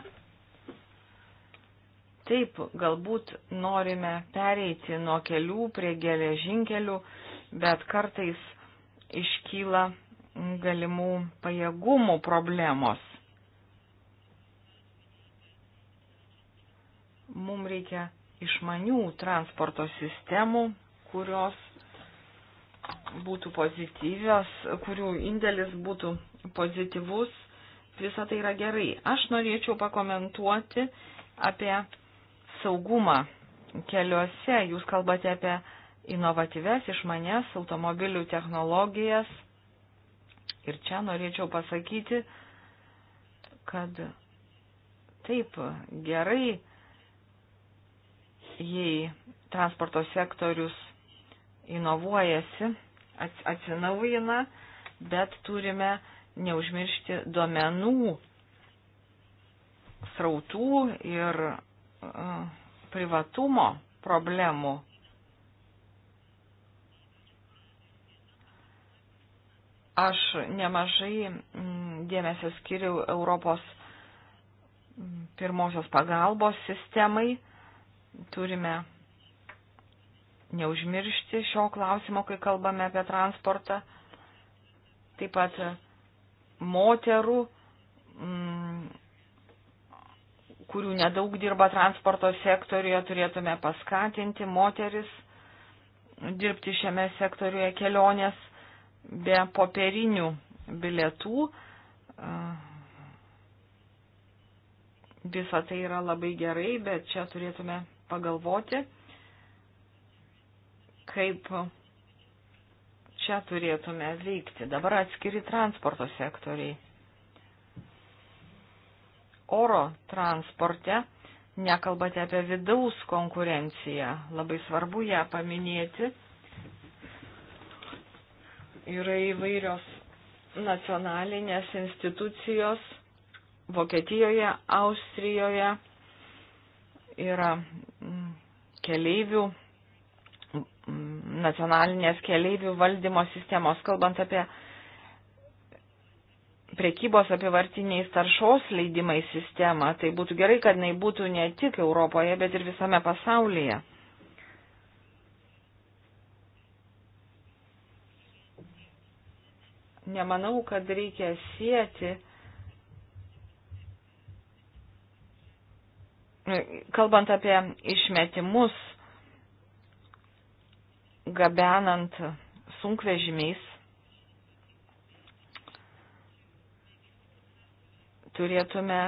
Taip, galbūt norime pereiti nuo kelių prie geležinkelių, bet kartais iškyla galimų pajėgumų problemos. Mums reikia išmanių transporto sistemų, kurios būtų pozityvios, kurių indėlis būtų pozityvus, visą tai yra gerai. Aš norėčiau pakomentuoti apie saugumą keliuose. Jūs kalbate apie inovatyves, išmanės automobilių technologijas. Ir čia norėčiau pasakyti, kad taip gerai jei transporto sektorius inovuojasi, atsinaujina, bet turime neužmiršti duomenų srautų ir e, privatumo problemų. Aš nemažai mm, dėmesio skiriu Europos mm, pirmosios pagalbos sistemai turime neužmiršti šio klausimo, kai kalbame apie transportą. Taip pat mm, moterų, mm, kurių nedaug dirba transporto sektoriuje, turėtume paskatinti moteris dirbti šiame sektoriuje kelionės be popierinių bilietų. Visa tai yra labai gerai, bet čia turėtume pagalvoti, kaip čia turėtume veikti. Dabar atskiri transporto sektoriai. Oro transporte nekalbate apie vidaus konkurenciją. Labai svarbu ją paminėti. Yra įvairios nacionalinės institucijos Vokietijoje, Austrijoje yra mm, keleivių, mm, nacionalinės keleivių valdymo sistemos, kalbant apie prekybos apivartiniais taršos leidimai sistemą, tai būtų gerai, kad jinai būtų ne tik Europoje, bet ir visame pasaulyje. Nemanau, kad reikia sieti Kalbant apie išmetimus, gabenant sunkvežimiais, turėtume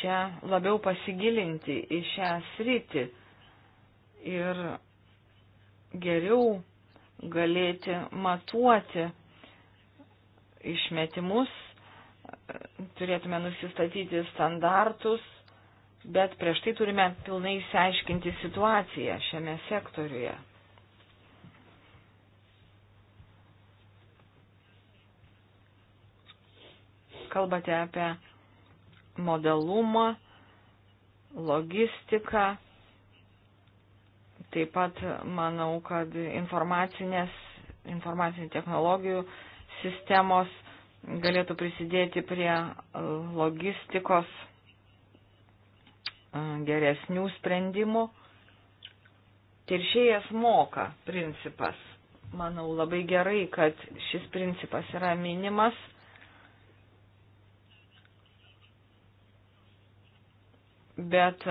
čia labiau pasigilinti į šią sritį ir geriau galėti matuoti išmetimus, turėtume nusistatyti standartus, bet prieš tai turime pilnai išsiaiškinti situaciją šiame sektoriuje. Kalbate apie modalumą, logistiką. Taip pat manau, kad informacinės, informacinių technologijų sistemos galėtų prisidėti prie logistikos geresnių sprendimų. Teršėjas moka principas. Manau labai gerai, kad šis principas yra minimas. Bet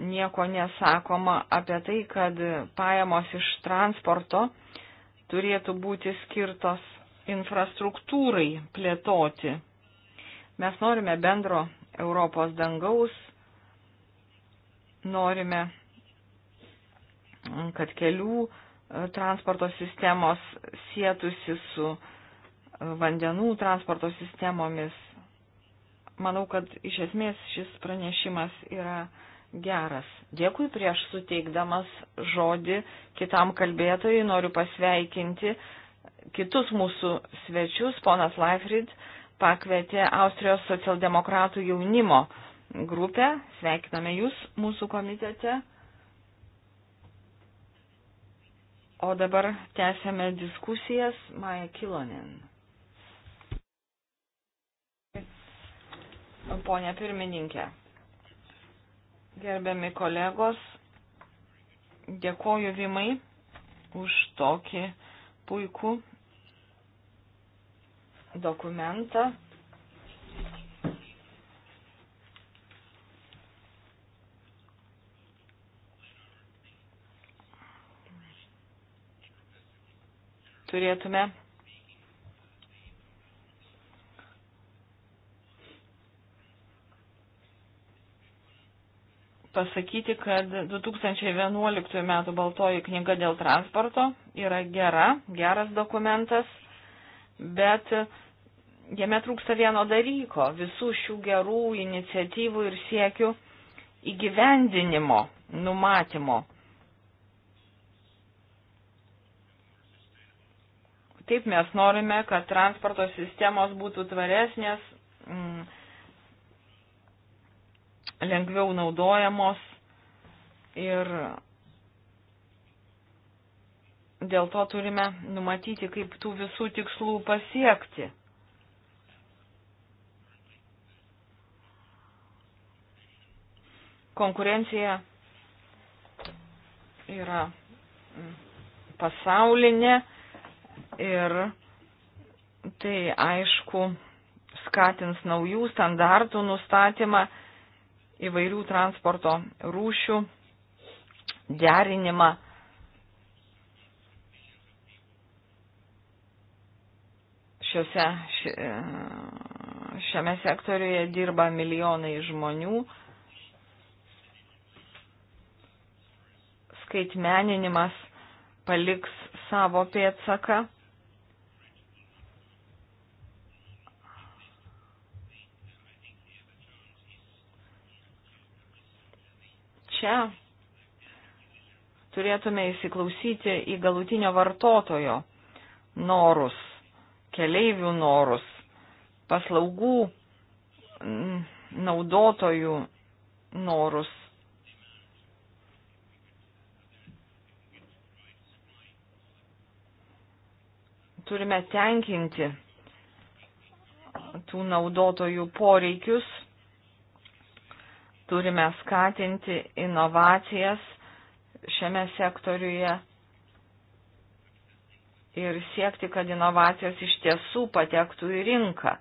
nieko nesakoma apie tai, kad pajamos iš transporto turėtų būti skirtos infrastruktūrai plėtoti. Mes norime bendro Europos dangaus, norime, kad kelių e, transporto sistemos sėtusi su e, vandenų transporto sistemomis. Manau, kad iš esmės šis pranešimas yra geras. Dėkui prieš suteikdamas žodį kitam kalbėtojui, noriu pasveikinti kitus mūsų svečius. Ponas Laifrid pakvietė Austrijos socialdemokratų jaunimo grupę. Sveikiname Jūs mūsų komitete. O dabar tęsiame diskusijas Maja Kilonin. Pone pirmininkė, gerbiami kolegos, dėkoju Vimai už tokį puikų dokumentą. turėtume pasakyti, kad 2011 metų baltoji knyga dėl transporto yra gera, geras dokumentas, bet jame trūksta vieno dalyko - visų šių gerų iniciatyvų ir siekių įgyvendinimo, numatymo. Taip mes norime, kad transporto sistemos būtų tvaresnės, m, mm, lengviau naudojamos ir dėl to turime numatyti, kaip tų visų tikslų pasiekti. Konkurencija yra pasaulinė ir tai aišku skatins naujų standartų nustatymą įvairių transporto rūšių derinimą. Šiuose, šiame sektoriuje dirba milijonai žmonių. Skaitmeninimas paliks savo pėtsaką. čia turėtume įsiklausyti į galutinio vartotojo norus, keleivių norus, paslaugų mm, naudotojų norus. Turime tenkinti tų naudotojų poreikius Turime skatinti inovacijas šiame sektoriuje ir siekti, kad inovacijos iš tiesų patektų į rinką,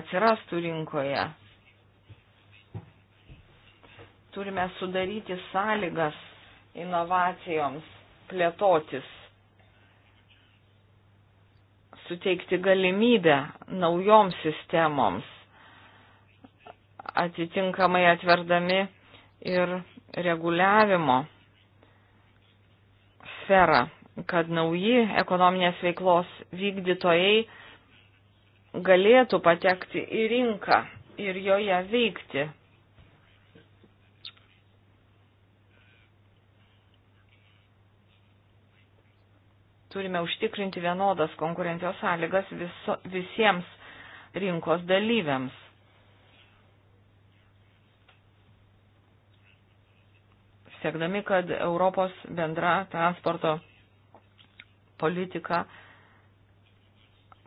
atsirastų rinkoje. Turime sudaryti sąlygas inovacijoms plėtotis, suteikti galimybę naujoms sistemoms atitinkamai atverdami ir reguliavimo sferą, kad nauji ekonominės veiklos vykdytojai galėtų patekti į rinką ir joje veikti. Turime užtikrinti vienodas konkurencijos sąlygas viso, visiems rinkos dalyviams. siekdami, kad Europos bendra transporto politika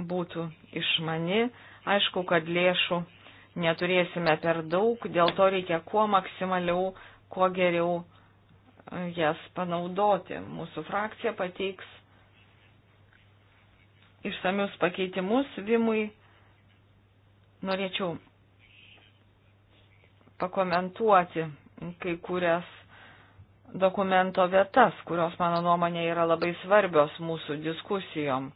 būtų išmani. Aišku, kad lėšų neturėsime per daug, dėl to reikia kuo maksimaliau, kuo geriau e, jas panaudoti. Mūsų frakcija pateiks išsamius pakeitimus Vimui. Norėčiau pakomentuoti kai kurias dokumento vietas, kurios, mano nuomonė, yra labai svarbios mūsų diskusijom.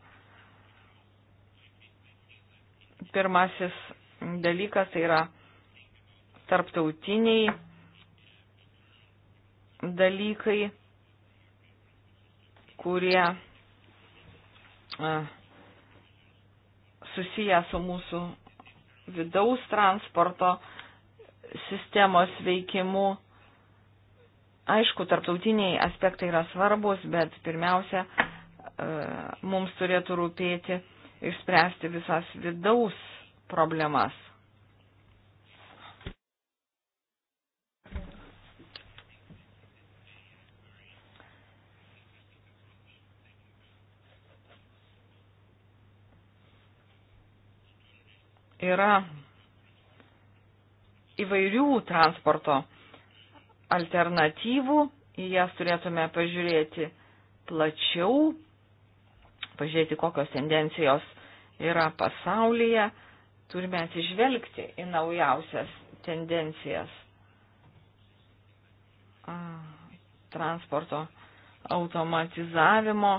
Pirmasis dalykas tai yra tarptautiniai dalykai, kurie susiję su mūsų vidaus transporto sistemos veikimu Aišku, tarptautiniai aspektai yra svarbus, bet pirmiausia, e, mums turėtų rūpėti išspręsti visas vidaus problemas. Yra įvairių transporto alternatyvų, į jas turėtume pažiūrėti plačiau, pažiūrėti, kokios tendencijos yra pasaulyje, turime atsižvelgti į naujausias tendencijas transporto automatizavimo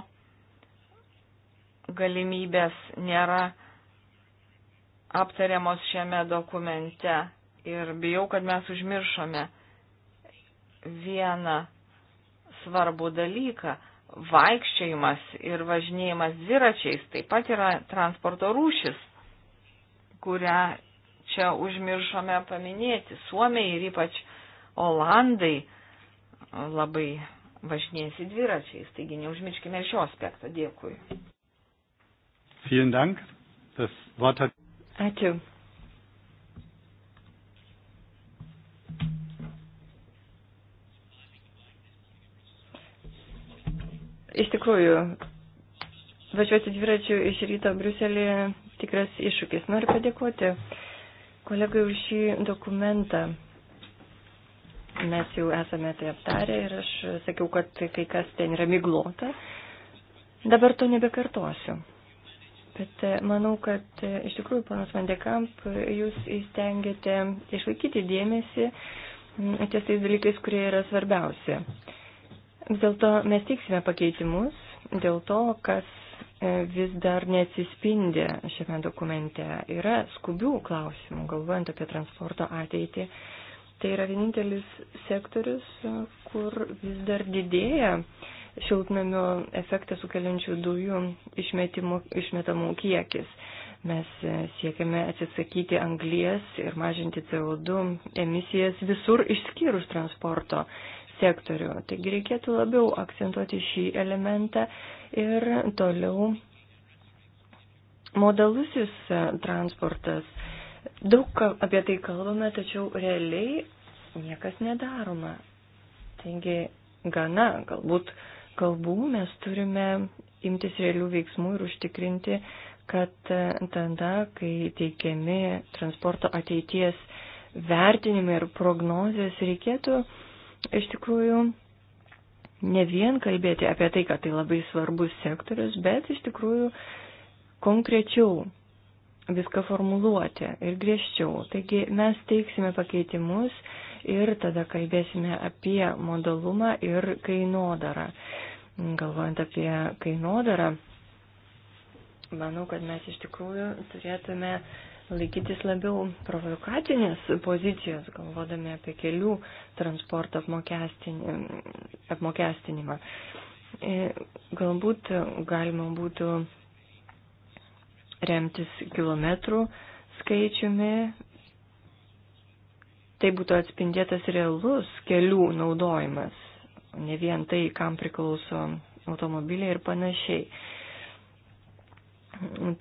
galimybės nėra aptariamos šiame dokumente ir bijau, kad mes užmiršome vieną svarbų dalyką. Vaikščiojimas ir važinėjimas dviračiais taip pat yra transporto rūšis, kurią čia užmiršome paminėti. Suomiai ir ypač Olandai labai važinėjasi dviračiais, taigi neužmirškime ir šio aspekto. Dėkui. Ačiū. Iš tikrųjų, važiuoti dviračiu iš ryto Briuselį tikras iššūkis. Noriu padėkoti kolegai už šį dokumentą. Mes jau esame tai aptarę ir aš sakiau, kad tai kai kas ten yra miglota. Dabar to nebekartosiu. Bet e, manau, kad e, iš tikrųjų, panas Vandekamp, jūs įstengėte išlaikyti dėmesį ties tais dalykais, kurie yra svarbiausi. Vis dėlto mes tiksime pakeitimus dėl to, kas e, vis dar neatsispindi šiame dokumente. Yra skubių klausimų, galvojant apie transporto ateitį. Tai yra vienintelis sektorius, kur vis dar didėja šiltnamio efektą sukeliančių dujų išmetamų kiekis. Mes e, siekiame atsisakyti anglies ir mažinti CO2 emisijas visur išskyrus transporto sektorių. Taigi reikėtų labiau akcentuoti šį elementą ir toliau modalusis e, transportas. Daug apie tai kalbame, tačiau realiai niekas nedaroma. Taigi gana, galbūt kalbų mes turime imtis realių veiksmų ir užtikrinti, kad e, tada, kai teikiami transporto ateities vertinimai ir prognozijas, reikėtų uh, iš tikrųjų ne vien kalbėti apie tai, kad tai labai svarbus sektorius, bet iš tikrųjų konkrečiau viską formuluoti ir griežčiau. Taigi mes teiksime pakeitimus ir tada kalbėsime apie modalumą ir kainodarą. Galvojant apie kainodarą, manau, kad mes iš tikrųjų turėtume uh, laikytis labiau provokacinės pozicijos, galvodami apie kelių transporto apmokestinimą. E, galbūt galima būtų remtis kilometrų skaičiumi. Tai būtų atspindėtas realus kelių naudojimas, ne vien tai, kam priklauso automobiliai ir panašiai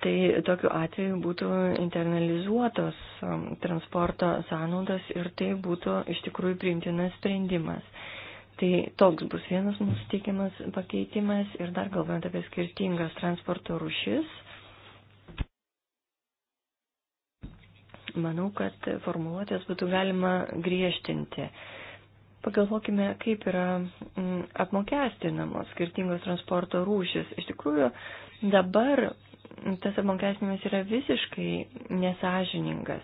tai tokiu atveju būtų internalizuotos um, transporto sąnaudos ir tai būtų iš tikrųjų priimtinas sprendimas. Tai toks bus vienas mūsų teikiamas pakeitimas ir dar galvojant apie skirtingas transporto rušis. Manau, kad formuluotės būtų galima griežtinti. Pagalvokime, kaip yra mm, apmokestinamos skirtingos transporto rūšis. Iš tikrųjų, dabar tas apmokestinimas yra visiškai nesažiningas.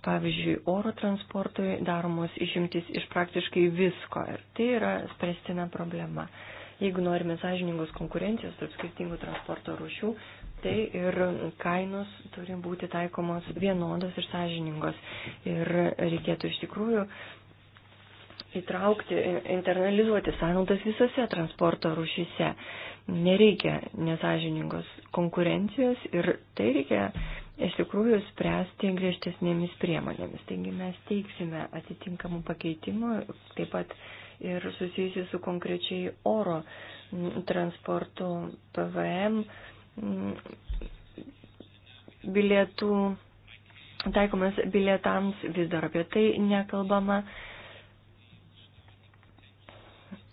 Pavyzdžiui, oro transportui daromos išimtis iš praktiškai visko ir tai yra spręstina problema. Jeigu norime sąžiningos konkurencijos tarp skirtingų transporto rušių, tai ir kainos turi būti taikomos vienodos ir sąžiningos. Ir reikėtų iš tikrųjų įtraukti, internalizuoti sąnaudas visose transporto rušyse nereikia nesažiningos konkurencijos ir tai reikia iš tikrųjų spręsti griežtesnėmis priemonėmis. Taigi mes teiksime atitinkamų pakeitimų, taip pat ir susijusi su konkrečiai oro transportu PVM bilietų, taikomas bilietams vis dar apie tai nekalbama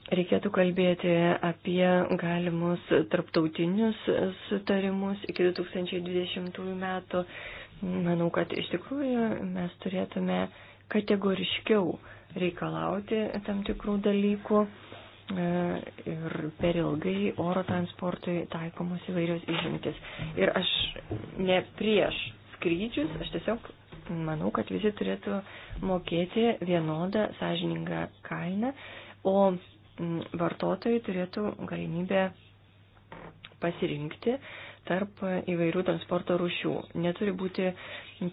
Reikėtų kalbėti apie galimus tarptautinius sutarimus iki 2020 metų. Manau, kad iš tikrųjų mes turėtume kategoriškiau reikalauti tam tikrų dalykų e, ir per ilgai oro transportui taikomos įvairios išimtis. Ir aš ne prieš skrydžius, aš tiesiog manau, kad visi turėtų mokėti vienodą sąžiningą kainą, o vartotojai turėtų galimybę pasirinkti tarp įvairių transporto rūšių. Neturi būti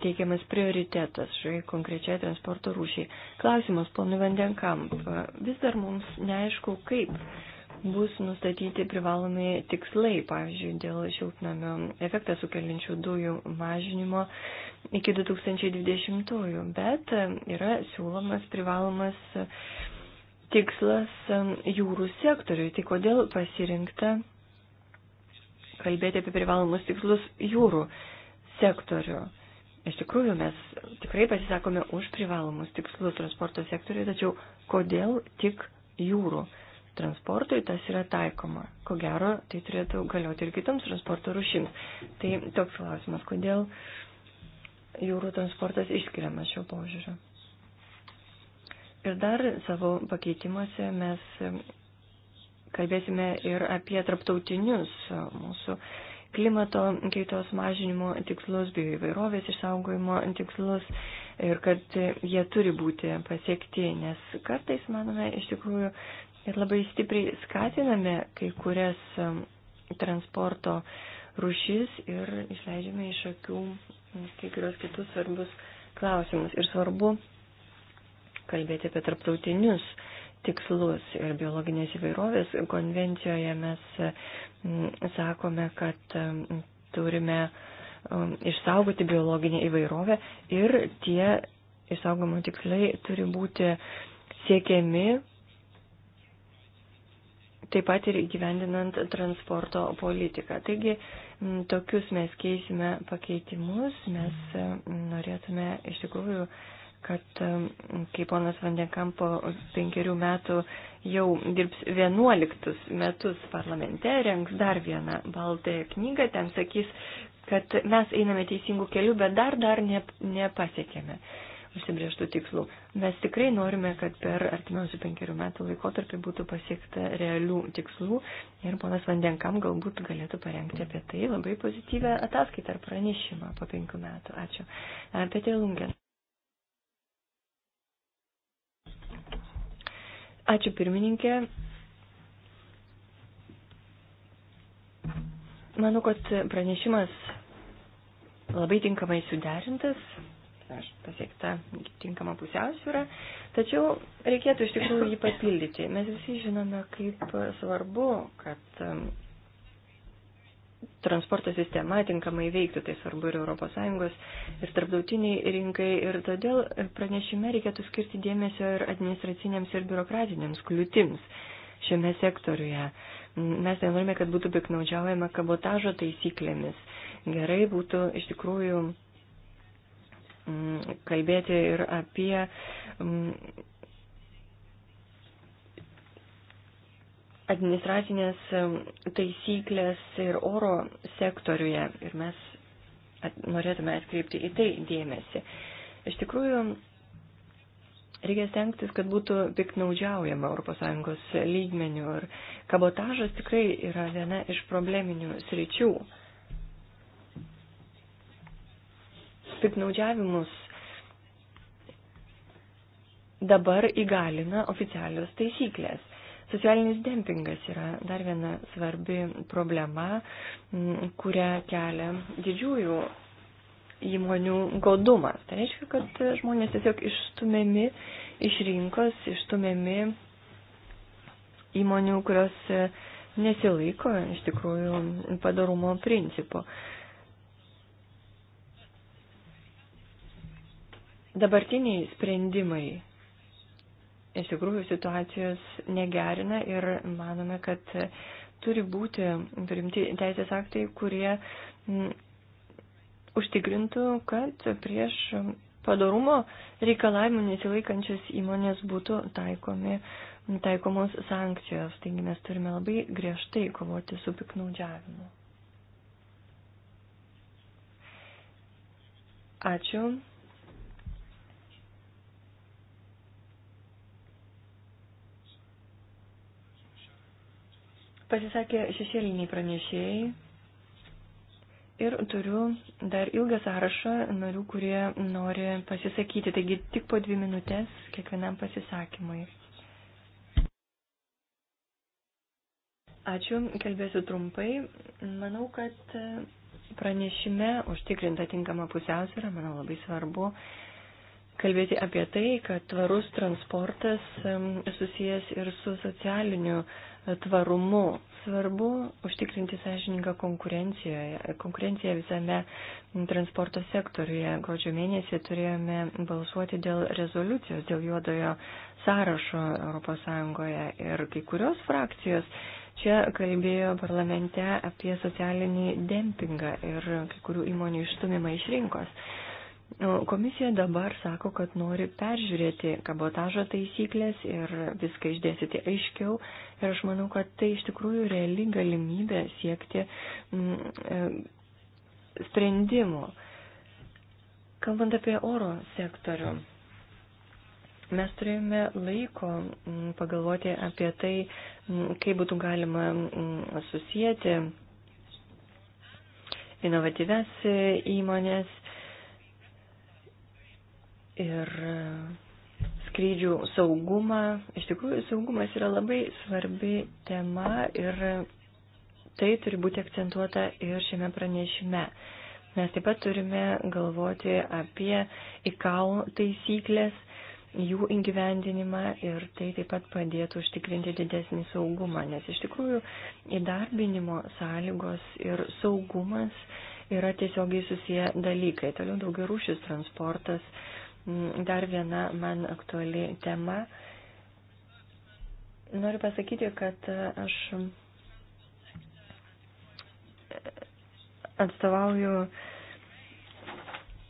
teikiamas prioritetas šiai konkrečiai transporto rūšiai. Klausimas ponui Vandenkamp. Vis dar mums neaišku, kaip bus nustatyti privalomi tikslai, pavyzdžiui, dėl šiltnamio efektą sukeliančių dujų mažinimo iki 2020-ųjų, bet yra siūlomas privalomas tikslas jūrų sektoriui. Tai kodėl pasirinkta kalbėti apie privalomus tikslus jūrų sektoriu? Iš tikrųjų, mes tikrai pasisakome už privalomus tikslus transporto sektoriui, tačiau kodėl tik jūrų transportui tas yra taikoma? Ko gero, tai turėtų galioti ir kitoms transporto rušims. Tai toks klausimas, kodėl jūrų transportas išskiriamas šio požiūriu. Ir dar savo pakeitimuose mes kalbėsime ir apie traptautinius mūsų klimato kaitos mažinimo tikslus bei įvairovės išsaugojimo tikslus ir kad jie turi būti pasiekti, nes kartais, manome, iš tikrųjų, kad labai stipriai skatiname kai kurias um, transporto rušis ir išleidžiame iš akių kai kurios kitus svarbus klausimus. Ir svarbu kalbėti apie tarptautinius tikslus. Ir biologinės įvairovės konvencijoje mes mm, sakome, kad mm, turime mm, išsaugoti biologinę įvairovę ir tie išsaugomų tikslai turi būti siekiami taip pat ir įgyvendinant transporto politiką. Taigi tokius mes keisime pakeitimus, mes norėtume iš tikrųjų kad kaip ponas Vandenkampo penkerių metų jau dirbs vienuoliktus metus parlamente, renks dar vieną baltąją knygą, ten sakys, kad mes einame teisingų kelių, bet dar dar ne, nepasiekėme užsibrieštų tikslų. Mes tikrai norime, kad per artimiausių penkerių metų laikotarpį būtų pasiekta realių tikslų ir ponas Vandenkam galbūt galėtų parengti apie tai labai pozityvę ataskaitą ar pranešimą po penkių metų. Ačiū. Peter Lungen. Ačiū pirmininkė. Manau, kad pranešimas labai tinkamai suderintas, aš pasiekta tinkama pusiausvyrą, tačiau reikėtų iš tikrųjų jį papildyti. Mes visi žinome, kaip svarbu, kad transporto sistema tinkamai veiktų, tai svarbu ir ES, ir tarptautiniai rinkai, ir todėl pranešime reikėtų skirti dėmesio ir administracinėms ir biurokratinėms kliūtims šiame sektoriuje. Mes nenorime, kad būtų piknaudžiaujama kabotažo taisyklėmis. Gerai būtų iš tikrųjų mm, kalbėti ir apie mm, administracinės taisyklės ir oro sektoriuje ir mes norėtume atkreipti į tai dėmesį. Iš tikrųjų, reikia stengtis, kad būtų piknaudžiaujama ES lygmenių ir kabotažas tikrai yra viena iš probleminių sričių. Piknaudžiavimus dabar įgalina oficialios taisyklės. Socialinis dempingas yra dar viena svarbi problema, kurią kelia didžiųjų įmonių godumas. Tai reiškia, kad žmonės tiesiog išstumiami iš rinkos, išstumiami įmonių, kurios e, nesilaiko iš tikrųjų padarumo principo. Dabartiniai sprendimai iš tikrųjų situacijos negerina ir manome, kad turi būti priimti teisės aktai, kurie mm, užtikrintų, kad prieš padarumo reikalavimų nesilaikančias įmonės būtų taikomi, taikomos sankcijos. Taigi mes turime labai griežtai kovoti su piknaudžiavimu. Ačiū. pasisakė šešėliniai pranešėjai. Ir turiu dar ilgą sąrašą narių, kurie nori pasisakyti. Taigi tik po dvi minutės kiekvienam pasisakymui. Ačiū, kalbėsiu trumpai. Manau, kad pranešime užtikrinta tinkama pusiausvyrą, manau labai svarbu kalbėti apie tai, kad tvarus transportas susijęs ir su socialiniu e, tvarumu. Svarbu užtikrinti sąžininką konkurenciją visame transporto sektoriuje. Gruodžio mėnesį turėjome balsuoti dėl rezoliucijos, dėl juodojo sąrašo ES ir kai kurios frakcijos čia kalbėjo parlamente apie socialinį dempingą ir kai kurių įmonių išstumimą iš rinkos. Komisija dabar sako, kad nori peržiūrėti kabotažo taisyklės ir viską išdėsyti aiškiau. Ir aš manau, kad tai iš tikrųjų reali galimybė siekti mm, e, sprendimų. Kalbant apie oro sektorių, mes turėjome laiko mm, pagalvoti apie tai, mm, kaip būtų galima mm, susijęti inovatyves e, įmonės ir e, skrydžių saugumą. Iš tikrųjų, saugumas yra labai svarbi tema ir tai turi būti akcentuota ir šiame pranešime. Mes taip pat turime galvoti apie ICAO taisyklės, jų įgyvendinimą ir tai taip pat padėtų užtikrinti didesnį saugumą, nes iš tikrųjų įdarbinimo sąlygos ir saugumas yra tiesiogiai susiję dalykai. Toliau daugia rūšis transportas Dar viena man aktuali tema. Noriu pasakyti, kad aš atstovauju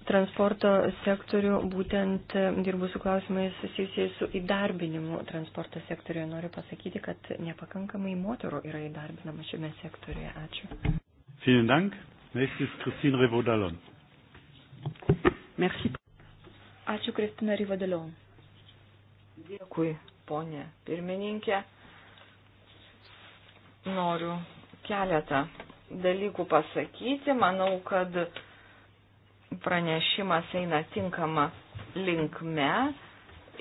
transporto sektorių, būtent dirbu su klausimais susijusiais su įdarbinimu transporto sektoriuje. Noriu pasakyti, kad nepakankamai moterų yra įdarbinama šiame sektoriuje. Ačiū. Vielen Dank. Nächstes Christine Revaud-Dallon. Merci. Ačiū, Kristina Ryvadėliau. Dėkui, ponė pirmininkė. Noriu keletą dalykų pasakyti. Manau, kad pranešimas eina tinkama linkme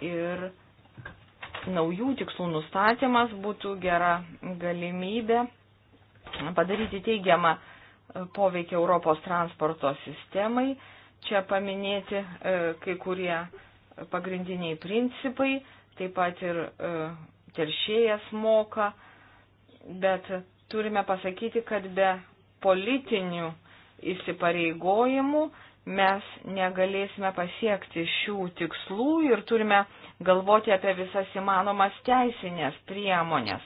ir naujų tikslų nustatymas būtų gera galimybė padaryti teigiamą poveikį Europos transporto sistemai čia paminėti e, kai kurie pagrindiniai principai, taip pat ir e, teršėjas moka, bet turime pasakyti, kad be politinių įsipareigojimų mes negalėsime pasiekti šių tikslų ir turime galvoti apie visas įmanomas teisinės priemonės.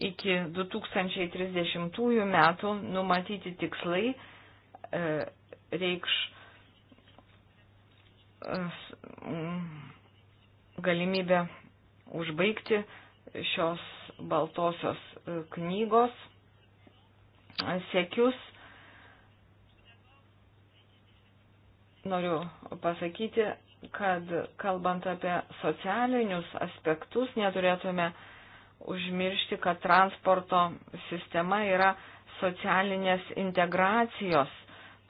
Iki 2030 metų numatyti tikslai e, reikš uh, galimybę užbaigti šios baltosios uh, knygos uh, sėkius. Noriu pasakyti, kad kalbant apie socialinius aspektus, neturėtume užmiršti, kad transporto sistema yra socialinės integracijos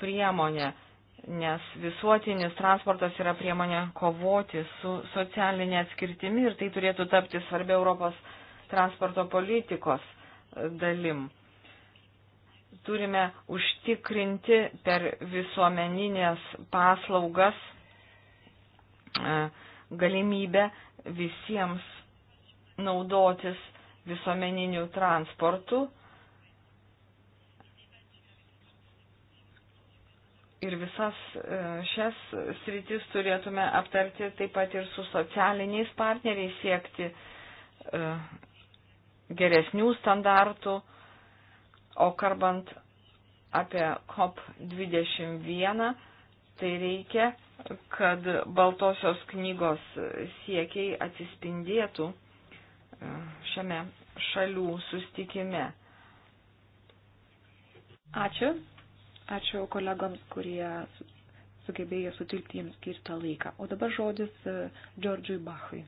priemonė, nes visuotinis transportas yra priemonė kovoti su socialinė atskirtimi ir tai turėtų tapti svarbia Europos transporto politikos e, dalim. Turime užtikrinti per visuomeninės paslaugas e, galimybę visiems naudotis visuomeniniu transportu ir visas e, šias sritis turėtume aptarti taip pat ir su socialiniais partneriais siekti e, geresnių standartų. O kalbant apie COP21, tai reikia, kad Baltosios knygos siekiai atsispindėtų e, šiame šalių sustikime. Ačiū. Ačiū kolegoms, kurie sugebėjo sutilpti jiems skirtą laiką. O dabar žodis e, Džordžui Bachui.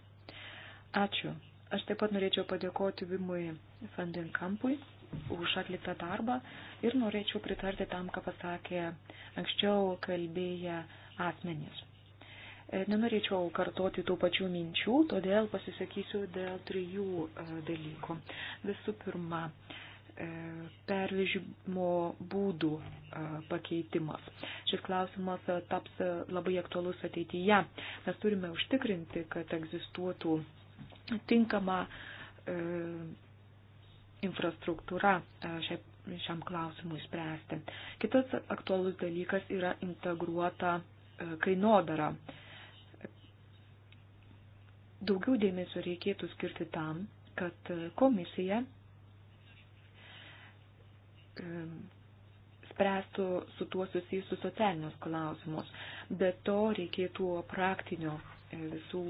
Ačiū. Aš taip pat norėčiau padėkoti Vimui Fandenkampui už atliktą darbą ir norėčiau pritarti tam, ką pasakė anksčiau kalbėję asmenys. E, nenorėčiau kartoti tų pačių minčių, todėl pasisakysiu dėl trijų e, dalykų. Visų pirma, E, pervežimo būdų e, pakeitimas. Šis klausimas e, taps labai aktualus ateityje. Mes turime užtikrinti, kad egzistuotų tinkama infrastruktūra šiam klausimui spręsti. Kitas aktualus dalykas yra integruota kainodara. Daugiau dėmesio reikėtų skirti tam, kad komisija spręstų su tuo susijusius socialinius klausimus. Be to reikėtų praktinio e, visų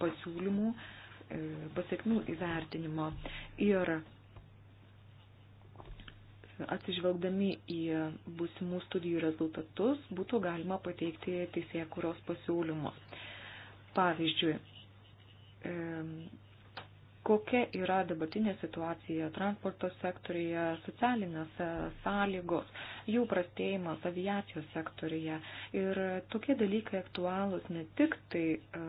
pasiūlymų e, pasiekmių įvertinimo ir atsižvelgdami į būsimų studijų rezultatus būtų galima pateikti teisėkuros pasiūlymus. Pavyzdžiui, kokia yra dabartinė situacija transporto sektorija, socialinės e, sąlygos, jų prastėjimas aviacijos sektorija. Ir tokie dalykai aktualūs ne tik tai e,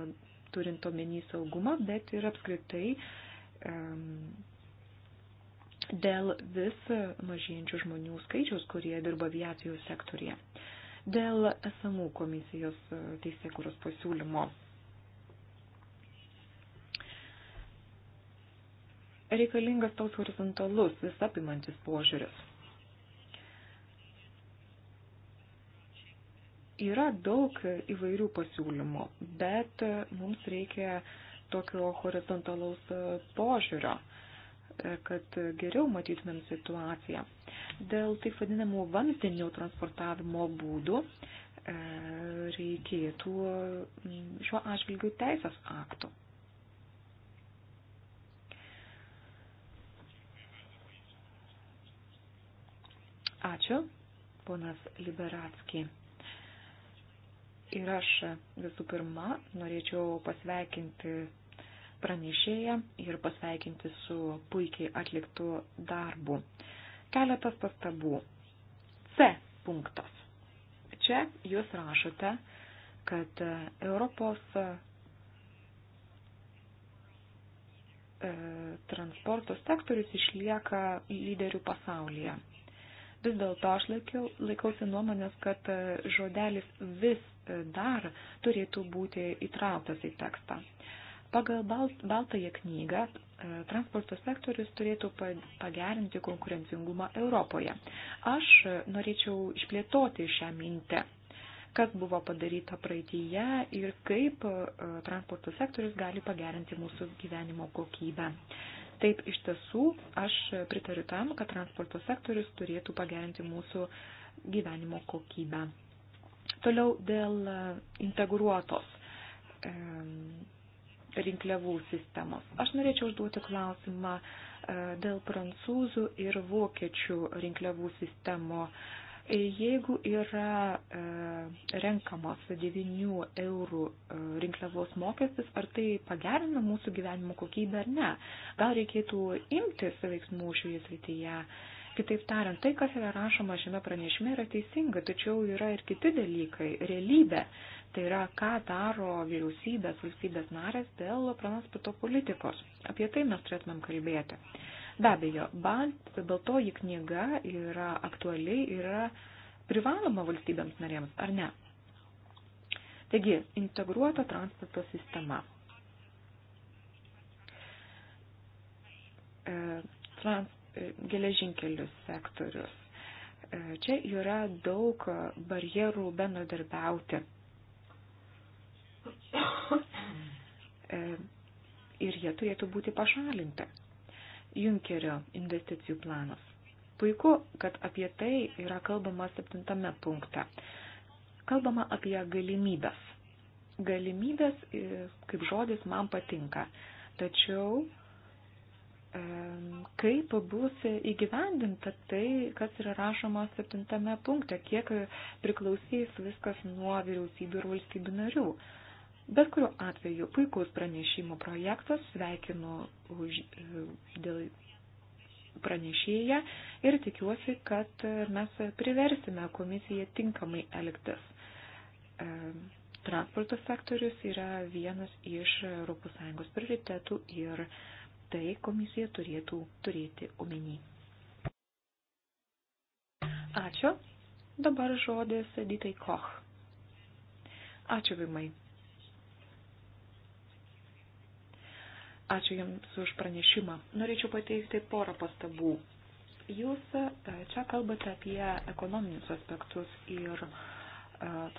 turint omeny saugumą, bet ir apskritai e, dėl vis mažėjančių žmonių skaičiaus, kurie dirba aviacijos sektorija. Dėl esamų komisijos teisėkuros pasiūlymo reikalingas toks horizontalus, visapimantis požiūris. Yra daug įvairių pasiūlymų, bet mums reikia tokio horizontalaus požiūrio, kad geriau matytumėm situaciją. Dėl taip vadinamų vamzdinių transportavimo būdų e, reikėtų šiuo atžvilgiu teisės aktų. Ačiū, ponas Liberatski. Ir aš visų pirma norėčiau pasveikinti pranešėją ir pasveikinti su puikiai atliktu darbu. Keletas pastabų. C punktas. Čia jūs rašote, kad Europos e, transporto sektorius išlieka lyderių pasaulyje. Vis dėlto aš laikiau, laikausi nuomonės, kad e, žodelis vis e, dar turėtų būti įtrauktas į tekstą. Pagal balt, Baltąją knygą e, transporto sektorius turėtų pagerinti konkurencingumą Europoje. Aš norėčiau išplėtoti šią mintę kas buvo padaryta praeitįje ir kaip transporto sektorius gali pagerinti mūsų gyvenimo kokybę. Taip iš tiesų aš pritariu tam, kad transporto sektorius turėtų pagerinti mūsų gyvenimo kokybę. Toliau dėl e, integruotos e, rinkliavų sistemos. Aš norėčiau užduoti klausimą e, dėl prancūzų ir vokiečių rinkliavų sistemo. E, Jeigu yra e, renkamas 9 eurų e, rinkliavos mokestis, ar tai pagerina mūsų gyvenimo kokybę ar ne? Gal reikėtų imtis veiksmų šioje srityje? Kitaip tariant, tai, kas yra rašoma šiame pranešime, yra teisinga, tačiau yra ir kiti dalykai - realybė. Tai yra, ką daro vyriausybės, valstybės narės dėl transporto politikos. Apie tai mes turėtumėm kalbėti. Be abejo, balt, baltoji knyga yra aktuali, yra privaloma valstybėms narėms, ar ne? Taigi, integruota transporto sistema. E, trans, e, geležinkelių sektorius. E, čia yra daug barjerų bendradarbiauti. Ir jie turėtų būti pašalinti. Junkerio investicijų planas. Puiku, kad apie tai yra kalbama septintame punkte. Kalbama apie galimybės. Galimybės e, kaip žodis man patinka. Tačiau e, kaip bus įgyvendinta tai, kas yra rašoma septintame punkte, kiek priklausys viskas nuo vyriausybių ir valstybių narių. Bet kuriuo atveju puikus pranešimo projektas, sveikinu už, e, dėl pranešėją ir tikiuosi, kad mes priversime komisiją tinkamai elgtis. E, transporto sektorius yra vienas iš ES prioritetų ir tai komisija turėtų turėti omeny. Ačiū. Dabar žodis Ditai Koch. Ačiū Vimai. Ačiū Jums už pranešimą. Norėčiau pateikti porą pastabų. Jūs e, čia kalbate apie ekonominius aspektus ir e,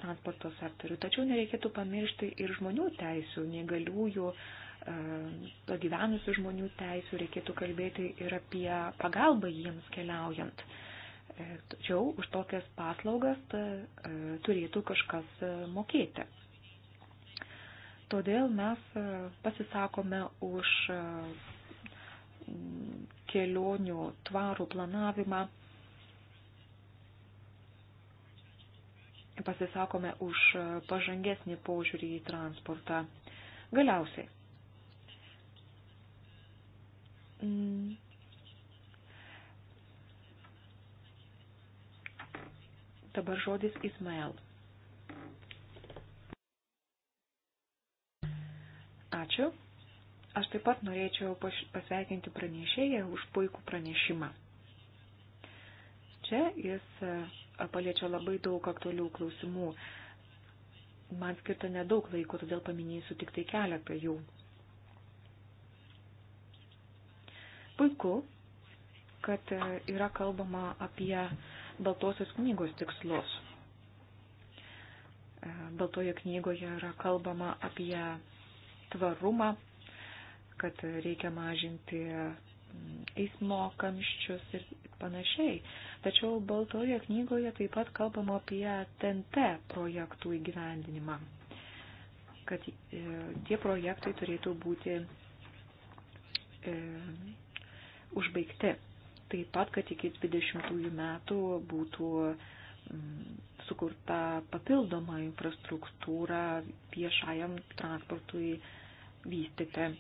transporto sektorių, tačiau nereikėtų pamiršti ir žmonių teisų, negaliųjų e, pagyvenusių žmonių teisų, reikėtų kalbėti ir apie pagalbą jiems keliaujant. Tačiau už tokias paslaugas ta, turėtų kažkas mokėti. Todėl mes e, pasisakome už e, kelionių tvarų planavimą, pasisakome už e, pažangesnį požiūrį į transportą. Galiausiai. Mm, dabar žodis Ismael. Ačiū. Aš taip pat norėčiau pasveikinti pranešėją už puikų pranešimą. Čia jis e, paliečia labai daug aktualių klausimų. Man skirta nedaug laiko, todėl paminėsiu tik tai keletą jų. Puiku, kad e, yra kalbama apie Baltosios knygos tikslus. E, Baltoje knygoje yra kalbama apie tvarumą, kad reikia mažinti mm, eismo kamščius ir panašiai. Tačiau Baltoje knygoje taip pat kalbama apie TNT projektų įgyvendinimą, kad e, tie projektai turėtų būti e, užbaigti. Taip pat, kad iki 20 metų būtų m, mm, sukurta papildoma infrastruktūra viešajam transportui e, vystyti. E,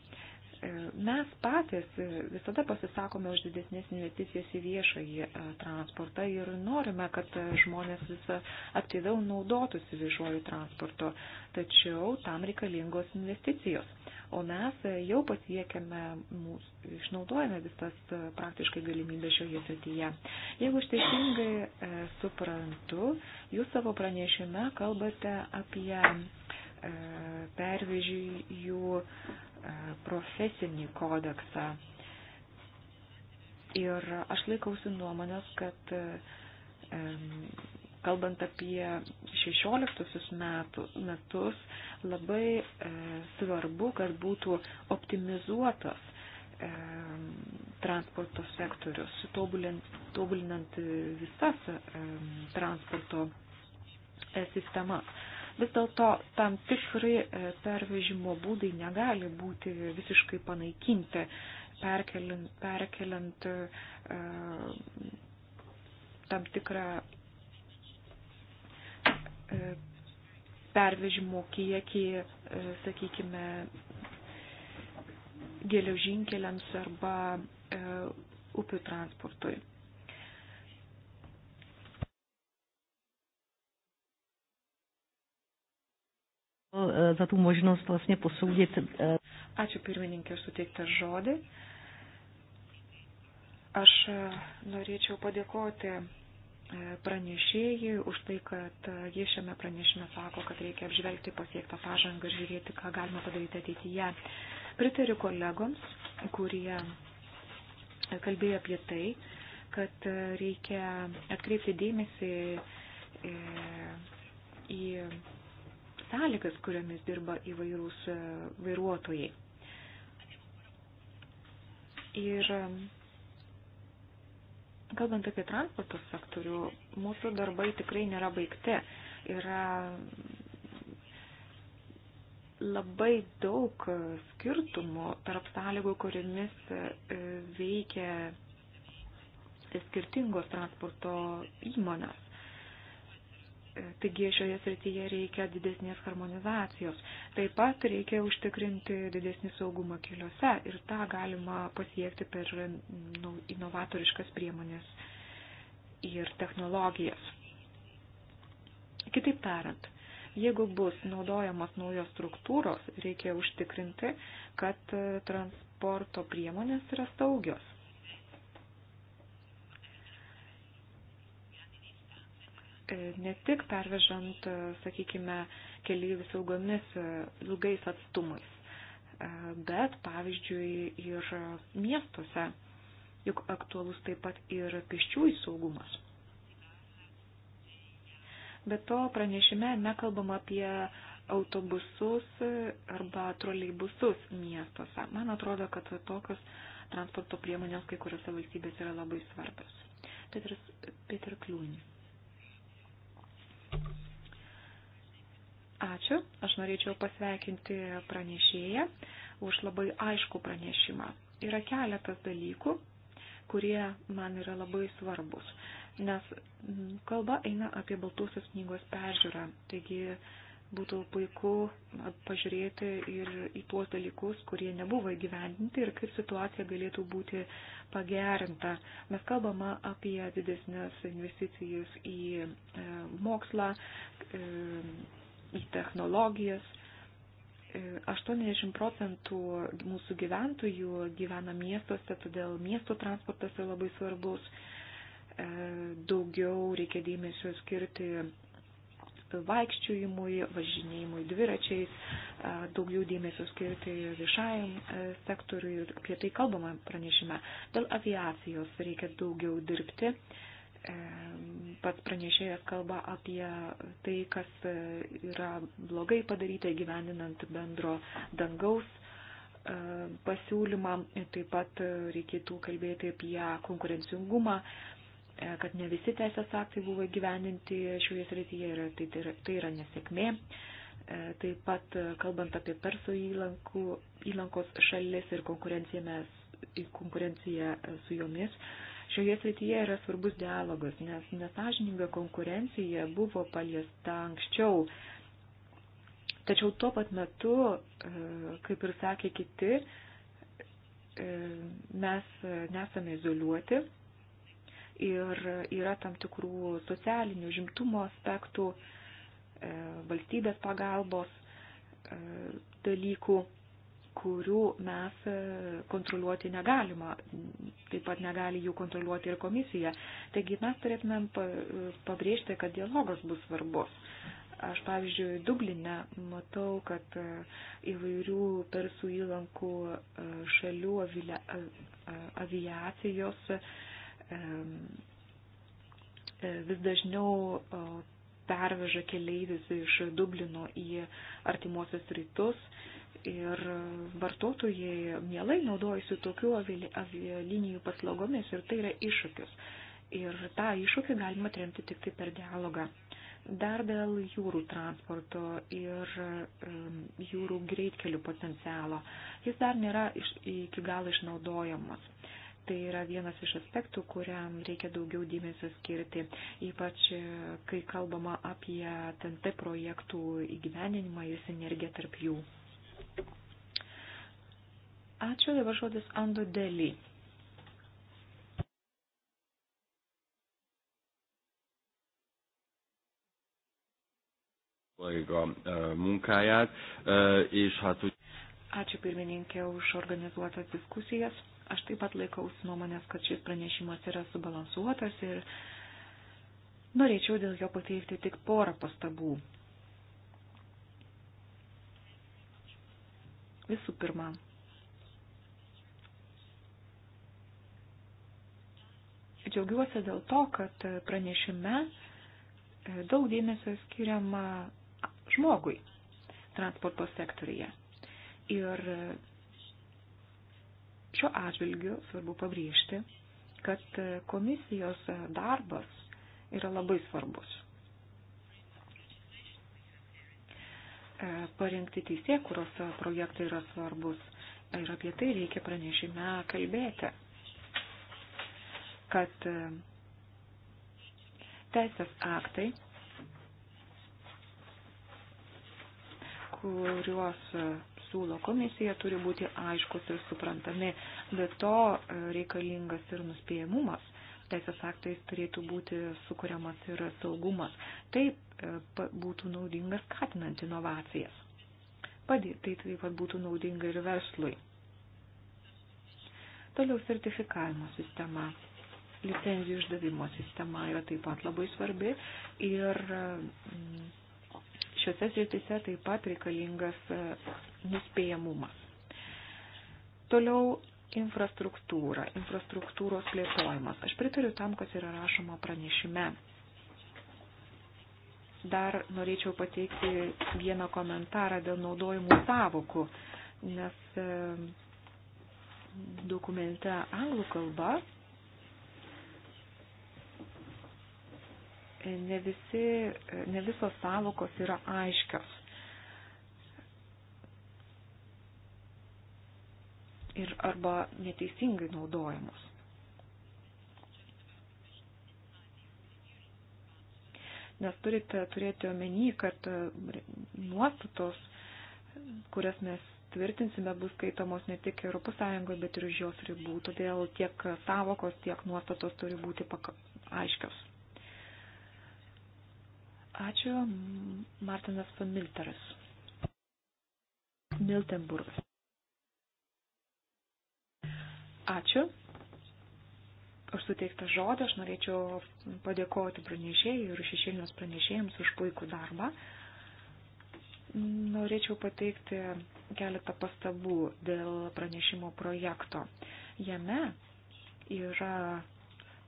mes patys visada pasisakome už didesnės investicijas į viešąjį e, transportą ir norime, kad žmonės vis aktyviau naudotųsi viešuoju transportu, tačiau tam reikalingos investicijos. O mes jau pasiekėme, išnaudojame visas praktiškai galimybės šioje srityje. Jeigu aš teisingai e, suprantu, jūs savo pranešime kalbate apie E, pervežiui jų e, profesinį kodeksą. Ir aš laikausi nuomonės, kad e, kalbant apie 16 metų, metus, labai e, svarbu, kad būtų optimizuotas e, transporto sektorius, tobulinant, tobulinant visas e, transporto sistemas. Vis dėlto tam tikri e, pervežimo būdai negali būti visiškai panaikinti, perkeliant, perkeliant tam tikrą e, pervežimo kiekį, e, sakykime, geležinkeliams arba upių transportui. E, za tú možnosť vlastne posúdiť. E, Ačiū pirmininkė už suteiktą žodį. Aš e, norėčiau padėkoti pranešėjai už tai, kad jie šiame pranešime sako, kad reikia apžvelgti pasiektą pažangą ir žiūrėti, ką galima padaryti ateityje. Pritariu kolegoms, kurie kalbėjo apie tai, kad reikia atkreipti dėmesį į sąlygas, kuriamis dirba įvairūs e, vairuotojai. Ir e, kalbant apie transporto sektorių, mūsų darbai tikrai nėra baigti. Yra labai daug skirtumų tarp sąlygų, kuriamis e, veikia skirtingos transporto įmonės. Taigi šioje srityje reikia didesnės harmonizacijos. Taip pat reikia užtikrinti didesnį saugumą keliuose ir tą galima pasiekti per nu, inovatoriškas priemonės ir technologijas. Kitaip tariant, jeigu bus naudojamas naujos struktūros, reikia užtikrinti, kad transporto priemonės yra saugios. E, ne tik pervežant, e, sakykime, keliaivių saugomis e, ilgais atstumais, bet pavyzdžiui ir miestuose, juk aktualus taip pat ir pėsčiųjų saugumas. Be to pranešime nekalbam apie autobusus arba troleibusus miestuose. Man atrodo, kad tokios transporto priemonės kai kuriuose valstybėse yra labai svarbios. Petras, Petr Kliūnis. Ačiū. Aš norėčiau pasveikinti pranešėją už labai aišku pranešimą. Yra keletas dalykų, kurie man yra labai svarbus, nes kalba eina apie Baltusios knygos peržiūrą. Taigi būtų puiku pažiūrėti ir į tuos dalykus, kurie nebuvo įgyvendinti ir kaip situacija galėtų būti pagerinta. Mes kalbame apie didesnės investicijas į e, mokslą, e, į technologijas. 80 e, procentų mūsų gyventojų gyvena miestuose, todėl miesto transportas yra labai svarbus. Daugiau reikia dėmesio skirti vaikščiojimui, važinėjimui dviračiais, daugiau dėmesio skirti viešajam sektoriui ir apie tai kalbama pranešime. Dėl aviacijos reikia daugiau dirbti. E, pats pranešėjas kalba apie tai, kas e, yra blogai padaryta įgyvendinant bendro dangaus e, pasiūlymą. Taip pat reikėtų kalbėti apie konkurencingumą kad ne visi teisės aktai buvo gyveninti šioje srityje ir tai, tai, yra, tai yra nesėkmė. E, taip pat, e, kalbant apie Persų įlankų, įlankos šalis ir konkurenciją e, su jomis, šioje srityje yra svarbus dialogas, nes nesažininga konkurencija buvo paliesta anksčiau. Tačiau tuo pat metu, kaip ir sakė kiti, mes nesame izoliuoti ir yra tam tikrų socialinių žimtumo aspektų, E, valstybės pagalbos e, dalykų, kurių mes e, kontroliuoti negalima. Taip pat negali jų kontroliuoti ir komisija. Taigi mes turėtumėm pabrėžti, kad dialogas bus svarbus. Aš, pavyzdžiui, Dublinę matau, kad įvairių persų įlankų šalių aviacijos vis dažniau perveža keleivius iš Dublino į artimuosius rytus. Ir vartotojai mielai naudojasi tokių avialinijų paslaugomis ir tai yra iššūkis. Ir tą iššūkį galima atremti tik tai per dialogą. Dar dėl jūrų transporto ir jūrų greitkelių potencialo. Jis dar nėra iš, iki galo išnaudojamas. Tai yra vienas iš aspektų, kuriam reikia daugiau dėmesio skirti, ypač e, kai kalbama apie TNT projektų įgyveninimą ir sinergiją tarp jų. Ačiū, dabar žodis Ando Deli. E, e, Ačiū pirmininkė už organizuotas diskusijas. Aš taip pat laikausi nuomonės, kad šis pranešimas yra subalansuotas ir norėčiau dėl jo pateikti tik porą pastabų. Visų pirma, džiaugiuosi dėl to, kad pranešime e, daug dėmesio skiriama žmogui transporto sektorija. Ir e, Šiuo atžvilgiu svarbu pabrėžti, kad komisijos darbas yra labai svarbus. E, parengti teisė, kurios projektai yra svarbus ir apie tai reikia pranešime kalbėti, kad e, teisės aktai, kuriuos siūlo komisija, turi būti aiškus ir suprantami, bet to e, reikalingas ir nuspėjimumas. Teisės aktais turėtų būti sukūriamas ir saugumas. Taip e, būtų naudinga skatinant inovacijas. Padė, tai taip pat būtų naudinga ir verslui. Toliau sertifikavimo sistema licenzijų išdavimo sistema yra taip pat labai svarbi ir mm, Šiuose sritise taip pat reikalingas e, nuspėjamumas. Toliau infrastruktūra, infrastruktūros plėtojimas. Aš pritariu tam, kas yra rašoma pranešime. Dar norėčiau pateikti vieną komentarą dėl naudojimų savokų, nes e, dokumente anglų kalba ne, visi, ne visos savokos yra aiškios. Ir arba neteisingai naudojamos. Nes turite turėti omeny, kad nuostatos, kurias mes tvirtinsime, bus skaitomos ne tik ES, bet ir už jos ribų. Todėl tiek savokos, tiek nuostatos turi būti aiškios. Ačiū, Martinas von Milteras. Miltenburgas. Ačiū. Aš suteiktą žodį, aš norėčiau padėkoti pranešėjai ir šešėlinės pranešėjams už puikų darbą. Norėčiau pateikti keletą pastabų dėl pranešimo projekto. Jame yra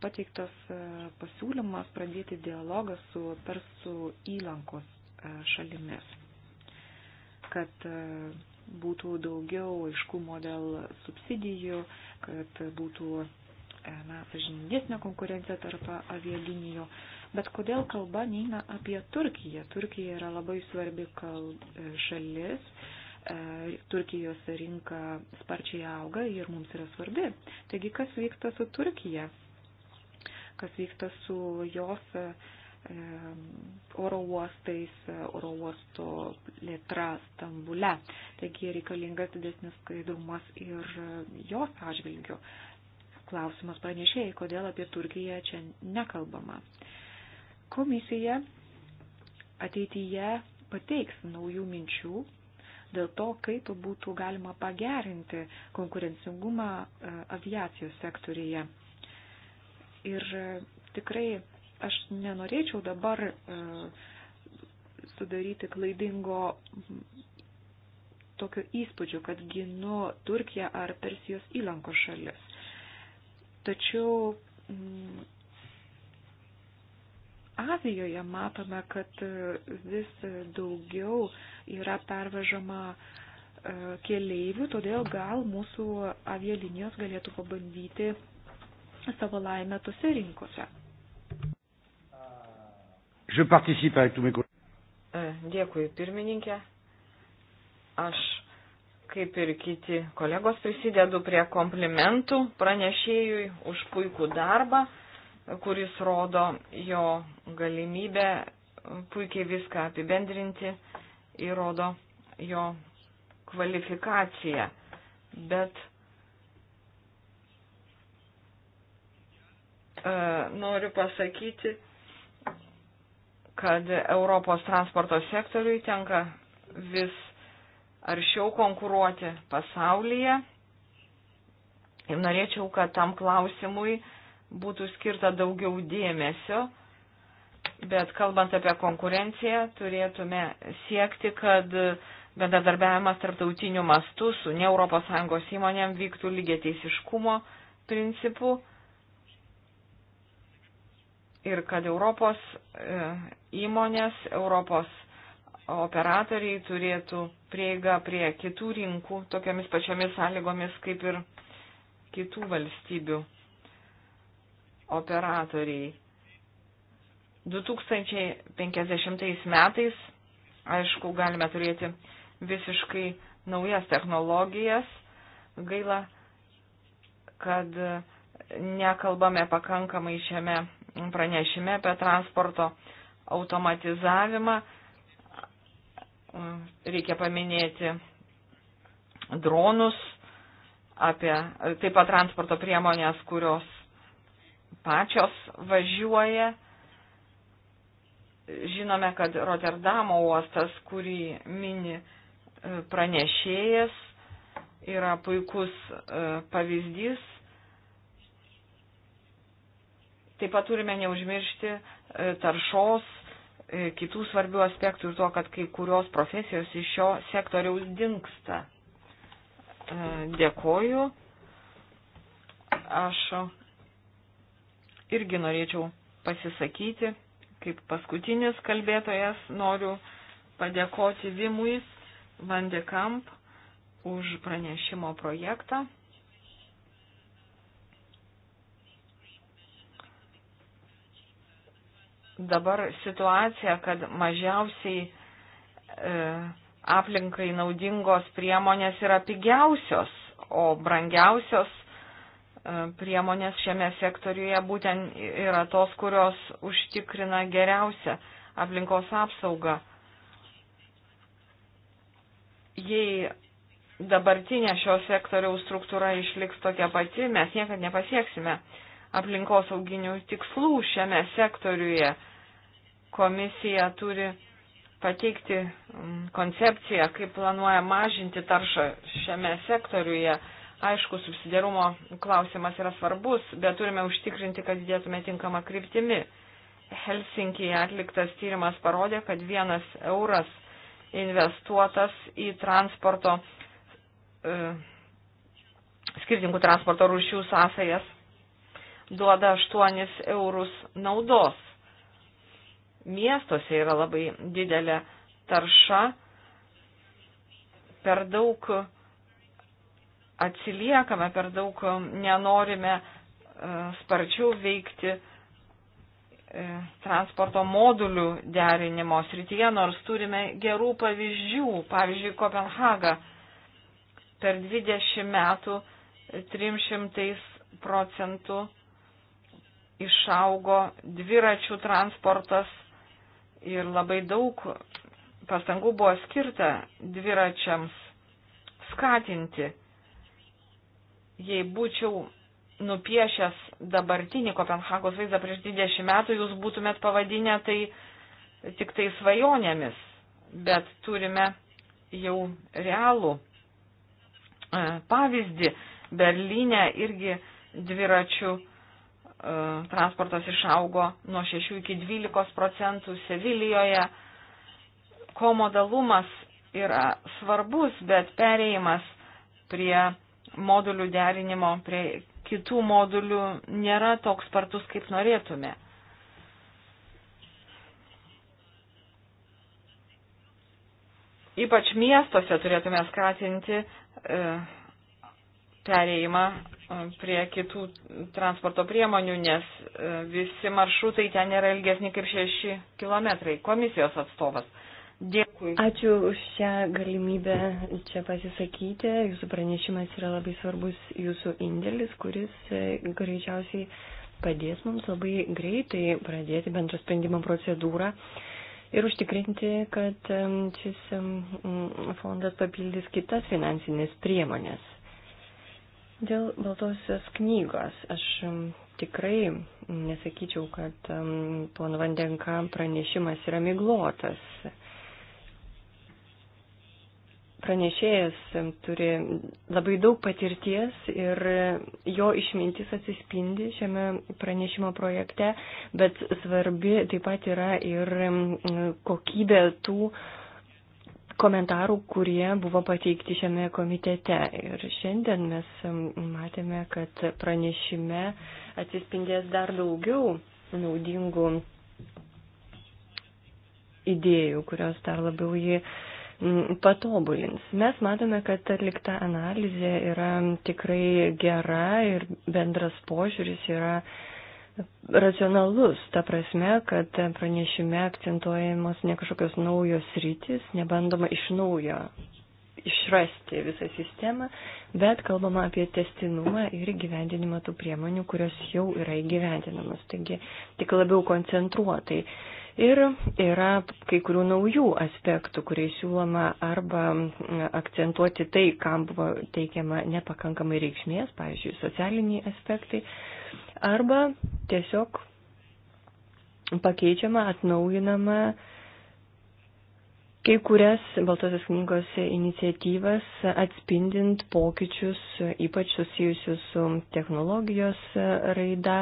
pateiktas e, pasiūlymas pradėti dialogą su Persų įlankos e, šalimis, kad e, būtų daugiau aiškumo dėl subsidijų, kad būtų na, sažiningesnė konkurencija tarp avialinijų. Bet kodėl kalba neina apie Turkiją? Turkija yra labai svarbi kalb, šalis. Turkijos rinka sparčiai auga ir mums yra svarbi. Taigi, kas vyksta su Turkija? kas vyksta su jos e, oro uostais, e, oro uosto plėtra Stambule. Taigi reikalingas didesnis skaidrumas ir jos atžvilgiu. Klausimas pranešėjai, kodėl apie Turkiją čia nekalbama. Komisija ateityje pateiks naujų minčių dėl to, kaip būtų galima pagerinti konkurencingumą e, aviacijos sektorėje. Ir e, tikrai aš nenorėčiau dabar e, sudaryti klaidingo tokio įspūdžio, kad ginu Turkiją ar Persijos įlanko šalis. Tačiau m, mm, Azijoje matome, kad e, vis daugiau yra pervežama keleivių, todėl gal mūsų avialinijos galėtų pabandyti savo laimę tose rinkose. E, dėkui, pirmininkė. Aš, kaip ir kiti kolegos, prisidedu prie komplimentų pranešėjui už puikų darbą, kuris rodo jo galimybę puikiai viską apibendrinti, įrodo jo kvalifikaciją. Bet E, noriu pasakyti, kad Europos transporto sektoriui tenka vis aršiau konkuruoti pasaulyje. Ir norėčiau, kad tam klausimui būtų skirta daugiau dėmesio, bet kalbant apie konkurenciją, turėtume siekti, kad bendradarbiavimas tarptautiniu mastu su ne ES įmonėm vyktų lygiai teisiškumo principu ir kad Europos e, įmonės, Europos operatoriai turėtų prieigą prie kitų rinkų tokiamis pačiomis sąlygomis kaip ir kitų valstybių operatoriai. 2050 metais, aišku, galime turėti visiškai naujas technologijas. Gaila, kad nekalbame pakankamai šiame pranešime apie transporto automatizavimą. Reikia paminėti dronus, apie taip pat transporto priemonės, kurios pačios važiuoja. Žinome, kad Rotterdamo uostas, kurį mini e, pranešėjas, yra puikus e, pavyzdys Taip pat turime neužmiršti e, taršos e, kitų svarbių aspektų ir to, kad kai kurios profesijos iš šio sektoriaus dinksta. E, dėkoju. Aš irgi norėčiau pasisakyti, kaip paskutinis kalbėtojas noriu padėkoti Vimui Vandekamp už pranešimo projektą. dabar situacija, kad mažiausiai e, aplinkai naudingos priemonės yra pigiausios, o brangiausios e, priemonės šiame sektoriuje būtent yra tos, kurios užtikrina geriausią aplinkos apsaugą. Jei dabartinė šio sektoriaus struktūra išliks tokia pati, mes niekad nepasieksime aplinkosauginių tikslų šiame sektoriuje. Komisija turi pateikti mm, koncepciją, kaip planuoja mažinti taršą šiame sektoriuje. Aišku, subsidiarumo klausimas yra svarbus, bet turime užtikrinti, kad dėtume tinkamą kryptimi. Helsinkije atliktas tyrimas parodė, kad vienas euras investuotas į transporto, e, skirtingų transporto rūšių sąsajas duoda 8 eurus naudos. Miestuose yra labai didelė tarša, per daug atsiliekame, per daug nenorime e, sparčiau veikti e, transporto modulių derinimo srityje, nors turime gerų pavyzdžių. Pavyzdžiui, Kopenhaga per 20 metų 300 procentų išaugo dviračių transportas ir labai daug pastangų buvo skirta dviračiams skatinti. Jei būčiau nupiešęs dabartinį Kopenhagos vaizdą prieš 20 metų, jūs būtumėt pavadinę tai tik tai svajonėmis, bet turime jau realų e, pavyzdį. Berlyne irgi dviračių transportas išaugo nuo 6 iki 12 procentų Sevilijoje. Komodalumas yra svarbus, bet pereimas prie modulių derinimo, prie kitų modulių nėra toks spartus, kaip norėtume. Ypač miestuose turėtume skatinti e, pereimą prie kitų transporto priemonių, nes e, visi maršrutai ten yra ilgesni kaip 6 kilometrai. Komisijos atstovas. Dėkui. Ačiū už šią galimybę čia pasisakyti. Jūsų pranešimas yra labai svarbus jūsų indėlis, kuris e, greičiausiai padės mums labai greitai pradėti bendro sprendimo procedūrą ir užtikrinti, kad šis fondas papildys kitas finansinės priemonės. Dėl baltosios knygos aš tikrai nesakyčiau, kad pono Vandenka pranešimas yra myglotas. Pranešėjas turi labai daug patirties ir jo išmintis atsispindi šiame pranešimo projekte, bet svarbi taip pat yra ir kokybė tų uh, komentarų, kurie buvo pateikti šiame komitete. Ir šiandien mes matėme, kad pranešime atsispindės dar daugiau naudingų idėjų, kurios dar labiau jį patobulins. Mes matome, kad atlikta analizė yra tikrai gera ir bendras požiūris yra uh, racionalus, ta prasme, kad pranešime akcentuojamos ne kažkokios naujos rytis, nebandoma iš naujo išrasti visą sistemą, bet kalbama apie testinumą ir įgyvendinimą tų priemonių, kurios jau yra įgyvendinamos, taigi tik labiau koncentruotai. Ir yra kai kurių naujų aspektų, kuriais siūloma arba akcentuoti tai, kam buvo teikiama nepakankamai reikšmės, pavyzdžiui, socialiniai aspektai, arba tiesiog pakeičiama, atnaujinama kai kurias Baltosios knygos iniciatyvas atspindint pokyčius, ypač susijusius su technologijos raida.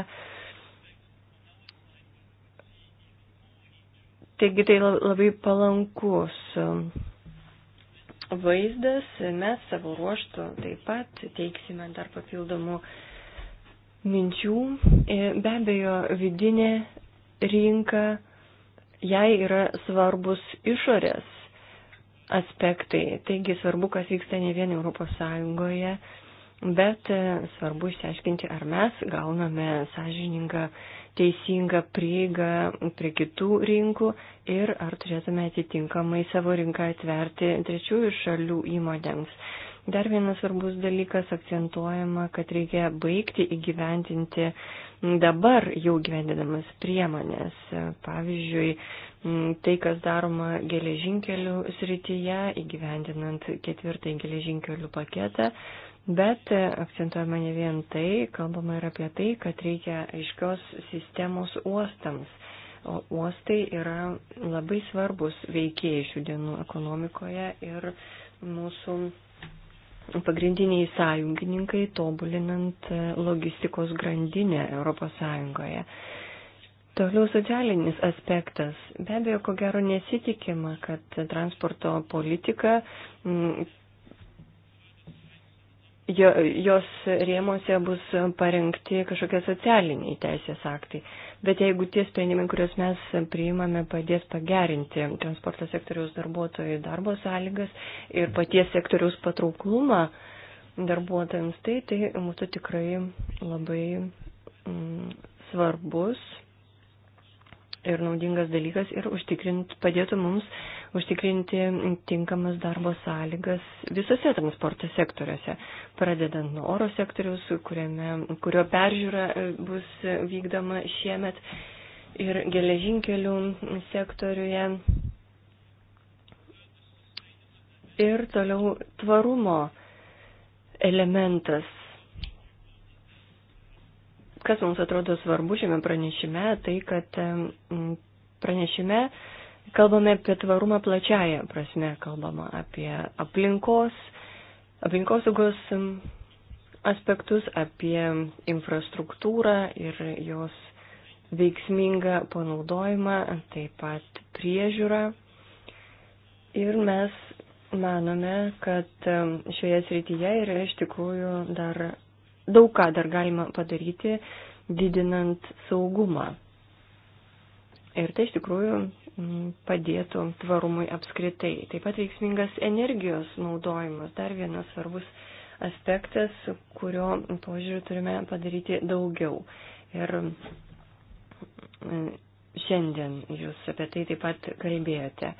Taigi tai labai palankus vaizdas. Mes savo ruoštų taip pat teiksime dar papildomų minčių. E, be abejo, vidinė rinka, jai yra svarbus išorės aspektai. Taigi svarbu, kas vyksta ne vien Europos Sąjungoje, bet e, svarbu išsiaiškinti, ar mes gauname sąžiningą, teisingą prieigą prie kitų rinkų ir ar turėtume atitinkamai savo rinką atverti trečiųjų šalių įmonėms. Dar vienas svarbus dalykas akcentuojama, kad reikia baigti įgyventinti dabar jau gyvendinamas priemonės. Pavyzdžiui, tai, kas daroma geležinkelių srityje, įgyvendinant ketvirtąjį geležinkelių paketą. Bet akcentuojama ne vien tai, kalbama ir apie tai, kad reikia aiškios sistemos uostams. O uostai yra labai svarbus veikėjai šių dienų ekonomikoje ir mūsų pagrindiniai sąjungininkai tobulinant e, logistikos grandinę ES. Toliau socialinis aspektas. Be abejo, ko gero nesitikima, kad transporto politika, jos rėmose bus parengti kažkokie socialiniai teisės aktai. Bet jeigu tie sprendimai, kuriuos mes priimame, padės pagerinti transporto sektoriaus darbuotojų darbo sąlygas ir paties sektoriaus patrauklumą darbuotojams, tai tai mūsų tikrai labai mm, svarbus ir naudingas dalykas ir užtikrint padėtų mums užtikrinti tinkamas darbo sąlygas visose transporto sektoriuose, pradedant nuo oro sektoriaus, kuriame, kurio peržiūra e, bus vykdoma šiemet ir geležinkelių sektoriuje. Ir toliau tvarumo elementas. Kas mums atrodo svarbu šiame pranešime, tai kad pranešime Kalbame apie tvarumą plačiają prasme, kalbama apie aplinkos, aplinkosaugos aspektus, apie infrastruktūrą ir jos veiksmingą panaudojimą, taip pat priežiūrą. Ir mes manome, kad šioje srityje yra iš tikrųjų dar daug ką dar galima padaryti, didinant saugumą. Ir tai iš tikrųjų padėtų tvarumui apskritai. Taip pat veiksmingas energijos naudojimas, dar vienas svarbus aspektas, kurio požiūriu turime padaryti daugiau. Ir šiandien jūs apie tai taip pat kalbėjote.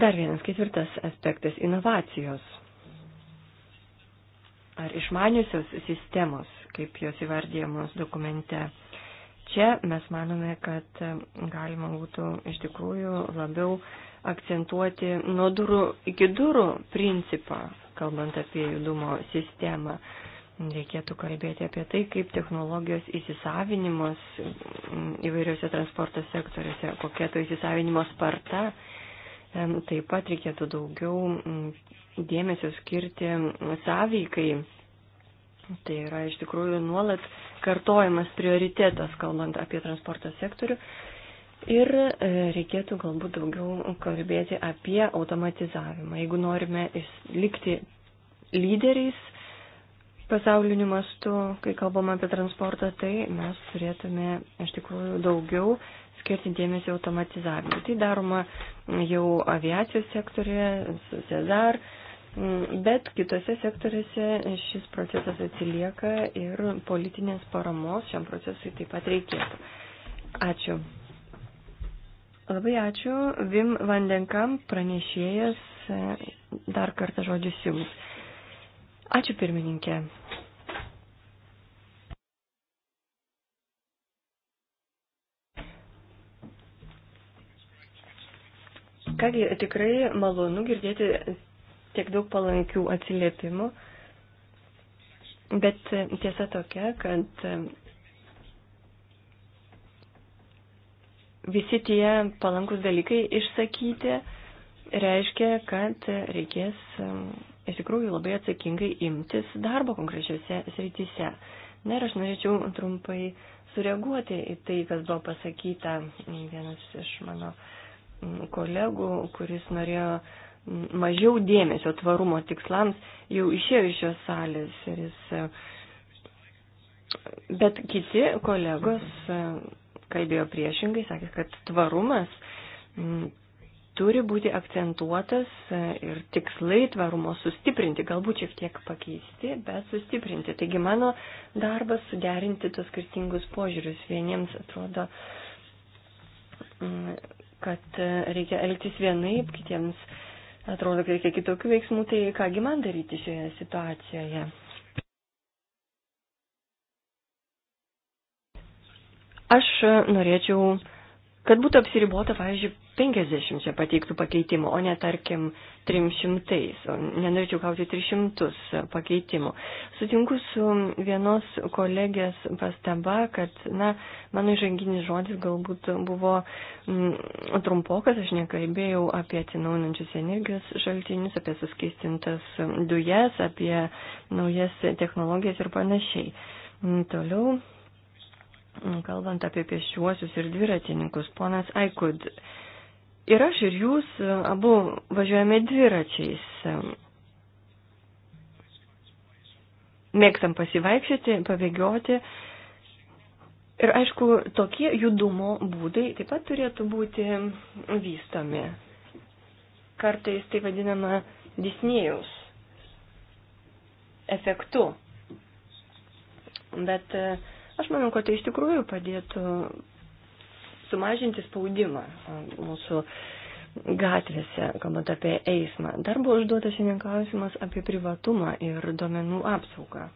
Dar vienas ketvirtas aspektas - inovacijos. Ar išmaniusios sistemos, kaip jos įvardyjamos dokumente. Čia mes manome, kad e, galima būtų iš tikrųjų labiau akcentuoti nuo durų iki durų principą, kalbant apie judumo sistemą. Reikėtų kalbėti apie tai, kaip technologijos įsisavinimas įvairiuose transporto sektoriuose, kokia to įsisavinimo sparta. E, taip pat reikėtų daugiau dėmesio skirti sąveikai Tai yra iš tikrųjų nuolat kartojamas prioritetas, kalbant apie transporto sektorių. Ir e, reikėtų galbūt daugiau kalbėti apie automatizavimą. Jeigu norime likti lyderiais pasauliniu mastu, kai kalbam apie transportą, tai mes turėtume iš tikrųjų daugiau skirti dėmesį automatizavimui. Tai daroma jau aviacijos sektorėje, Cezar, su Mm, bet kitose sektoriuose šis procesas atsilieka ir politinės paramos šiam procesui taip pat reikėtų. Ačiū. Labai ačiū. Vim Vandenkam pranešėjas dar kartą žodžius jums. Ačiū pirmininkė. Kągi, tikrai malonu girdėti tiek daug palankių atsiliepimų. Bet tiesa tokia, kad visi tie palankus dalykai išsakyti reiškia, kad reikės um, iš tikrųjų labai atsakingai imtis darbo konkrečiose srityse. Na ir aš norėčiau trumpai sureaguoti į tai, kas buvo pasakyta vienas iš mano mm, kolegų, kuris norėjo mažiau dėmesio tvarumo tikslams jau išėjo iš šios salės. Jis, e, bet kiti kolegos e, kalbėjo priešingai, sakė, kad tvarumas turi būti akcentuotas e, ir tikslai tvarumo sustiprinti, galbūt šiek tiek pakeisti, bet sustiprinti. Taigi mano darbas suderinti tos skirtingus požiūrius. Vieniems atrodo, kad reikia elgtis vienaip, kitiems uh, Atrodo, kad reikia kitokių veiksmų, tai kągi man daryti šioje situacijoje. Aš norėčiau kad būtų apsiribota, pavyzdžiui, 50 čia pateiktų pakeitimų, o ne tarkim 300, o nenorėčiau gauti 300 pakeitimų. Sutinku su vienos kolegės pastaba, kad, na, mano įžanginis žodis galbūt buvo m, mm, trumpokas, aš nekalbėjau apie atsinaunančius energijos šaltinius, apie suskistintas dujas, apie naujas technologijas ir panašiai. Mm, toliau Kalbant apie pešiuosius ir dviratininkus, ponas Aikud, ir aš ir jūs abu važiuojame dviračiais. Mėgstam pasivaikščioti, pavėgioti. Ir aišku, tokie judumo būdai taip pat turėtų būti vystomi. Kartais tai vadinama disnėjaus efektu. Bet uh, Aš manau, kad tai iš tikrųjų padėtų sumažinti spaudimą mūsų gatvėse, kalbant apie eismą. Dar buvo užduotas šiandien klausimas apie privatumą ir duomenų apsaugą.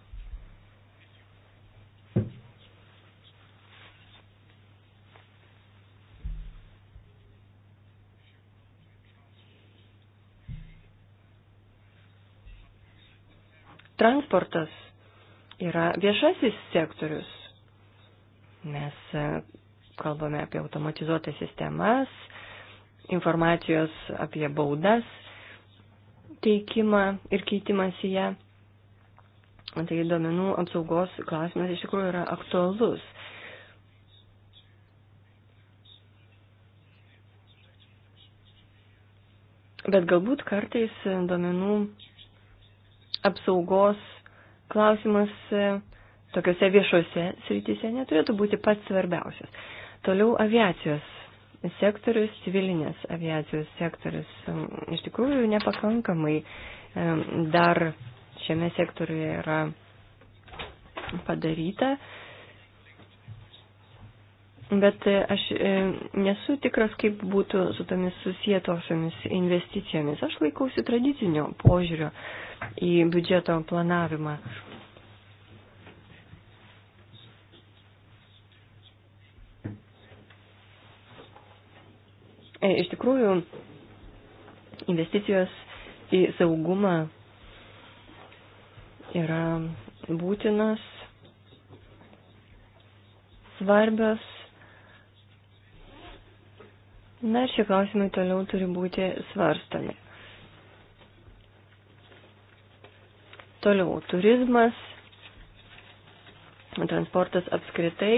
Transportas yra viešasis sektorius Mes e, kalbame apie automatizuotas sistemas, informacijos apie baudas teikimą ir keitimas į ją. Tai duomenų apsaugos klausimas iš tikrųjų yra aktualus. Bet galbūt kartais duomenų apsaugos klausimas e, tokiuose viešuose srityse neturėtų būti pats svarbiausias. Toliau aviacijos sektorius, civilinės aviacijos sektorius. Um, iš tikrųjų, nepakankamai um, dar šiame sektoriuje yra padaryta. Bet e, aš e, nesu tikras, kaip būtų su tomis susietosiomis investicijomis. Aš laikausi tradicinio požiūrio į biudžeto planavimą. E, iš tikrųjų, investicijos į saugumą yra būtinos, svarbios. Na ir šie klausimai toliau turi būti svarstami. Toliau turizmas, transportas apskritai.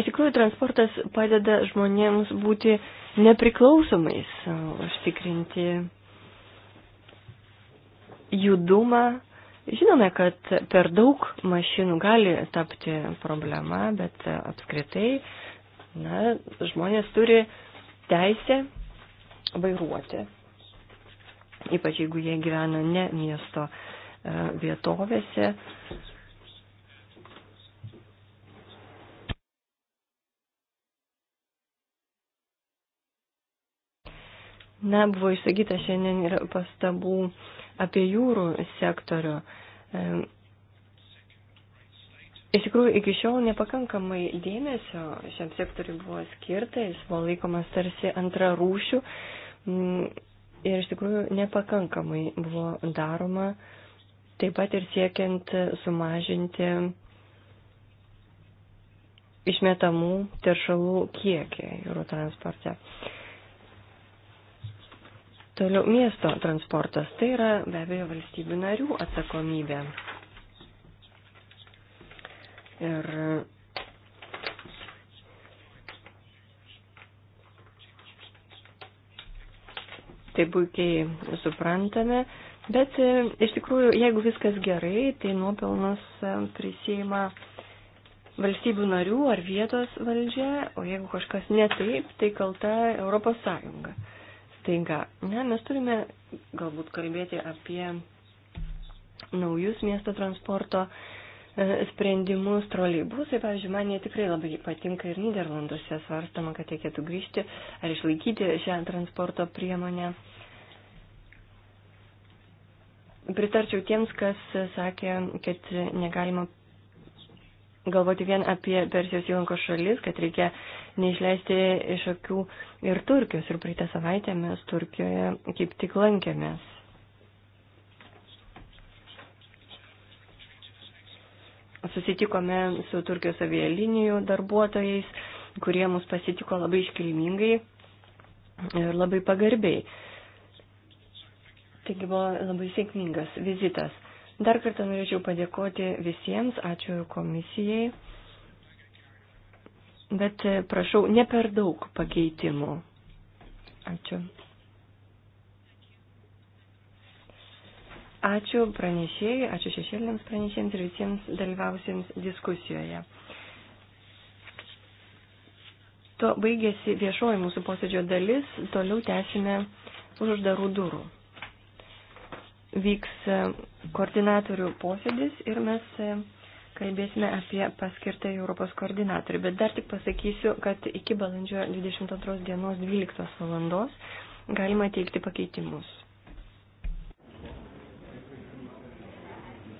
Iš tikrųjų, transportas padeda žmonėms būti nepriklausomais, užtikrinti judumą. Žinome, kad per daug mašinų gali tapti problema, bet apskritai na, žmonės turi teisę vairuoti. Ypač jeigu jie gyvena ne miesto vietovėse. Na, buvo išsakyta šiandien ir pastabų apie jūrų sektorių. Iš tikrųjų, iki šiol nepakankamai dėmesio šiam sektoriu buvo skirta, jis buvo laikomas tarsi antra rūšių mm, ir iš tikrųjų nepakankamai buvo daroma, taip pat ir siekiant sumažinti išmetamų teršalų kiekį jūrų transporte. Uh, Toliau miesto transportas. Tai yra be abejo valstybių narių atsakomybė. Ir tai puikiai suprantame, bet e, iš tikrųjų, jeigu viskas gerai, tai nuopelnas e, prisėima valstybių narių ar vietos valdžia, o jeigu kažkas ne taip, tai kalta Europos Sąjunga. Tai ką, ne, mes turime galbūt kalbėti apie naujus miesto transporto e, sprendimus, troleibusai, pavyzdžiui, man jie tikrai labai patinka ir Niderlanduose svarstama, kad reikėtų grįžti ar išlaikyti šią transporto priemonę. Pritarčiau tiems, kas sakė, kad negalima galvoti vien apie Persijos įlankos šalis, kad reikia neišleisti iš akių ir Turkijos. Ir praeitą savaitę mes Turkijoje kaip tik lankėmės. Susitikome su Turkijos avialinijų darbuotojais, kurie mus pasitiko labai iškilmingai ir labai pagarbiai. Taigi buvo labai sėkmingas vizitas. Dar kartą norėčiau padėkoti visiems, ačiū komisijai, bet e, prašau ne per daug pakeitimų. Ačiū. Ačiū pranešėjai, ačiū šešėlėms pranešėjams ir visiems dalyvausiems diskusijoje. To baigėsi viešoji mūsų posėdžio dalis, toliau tęsime už uždarų durų vyks e, koordinatorių posėdis ir mes e, kalbėsime apie paskirtą Europos koordinatorių. Bet dar tik pasakysiu, kad iki balandžio 22 dienos 12 valandos galima teikti pakeitimus.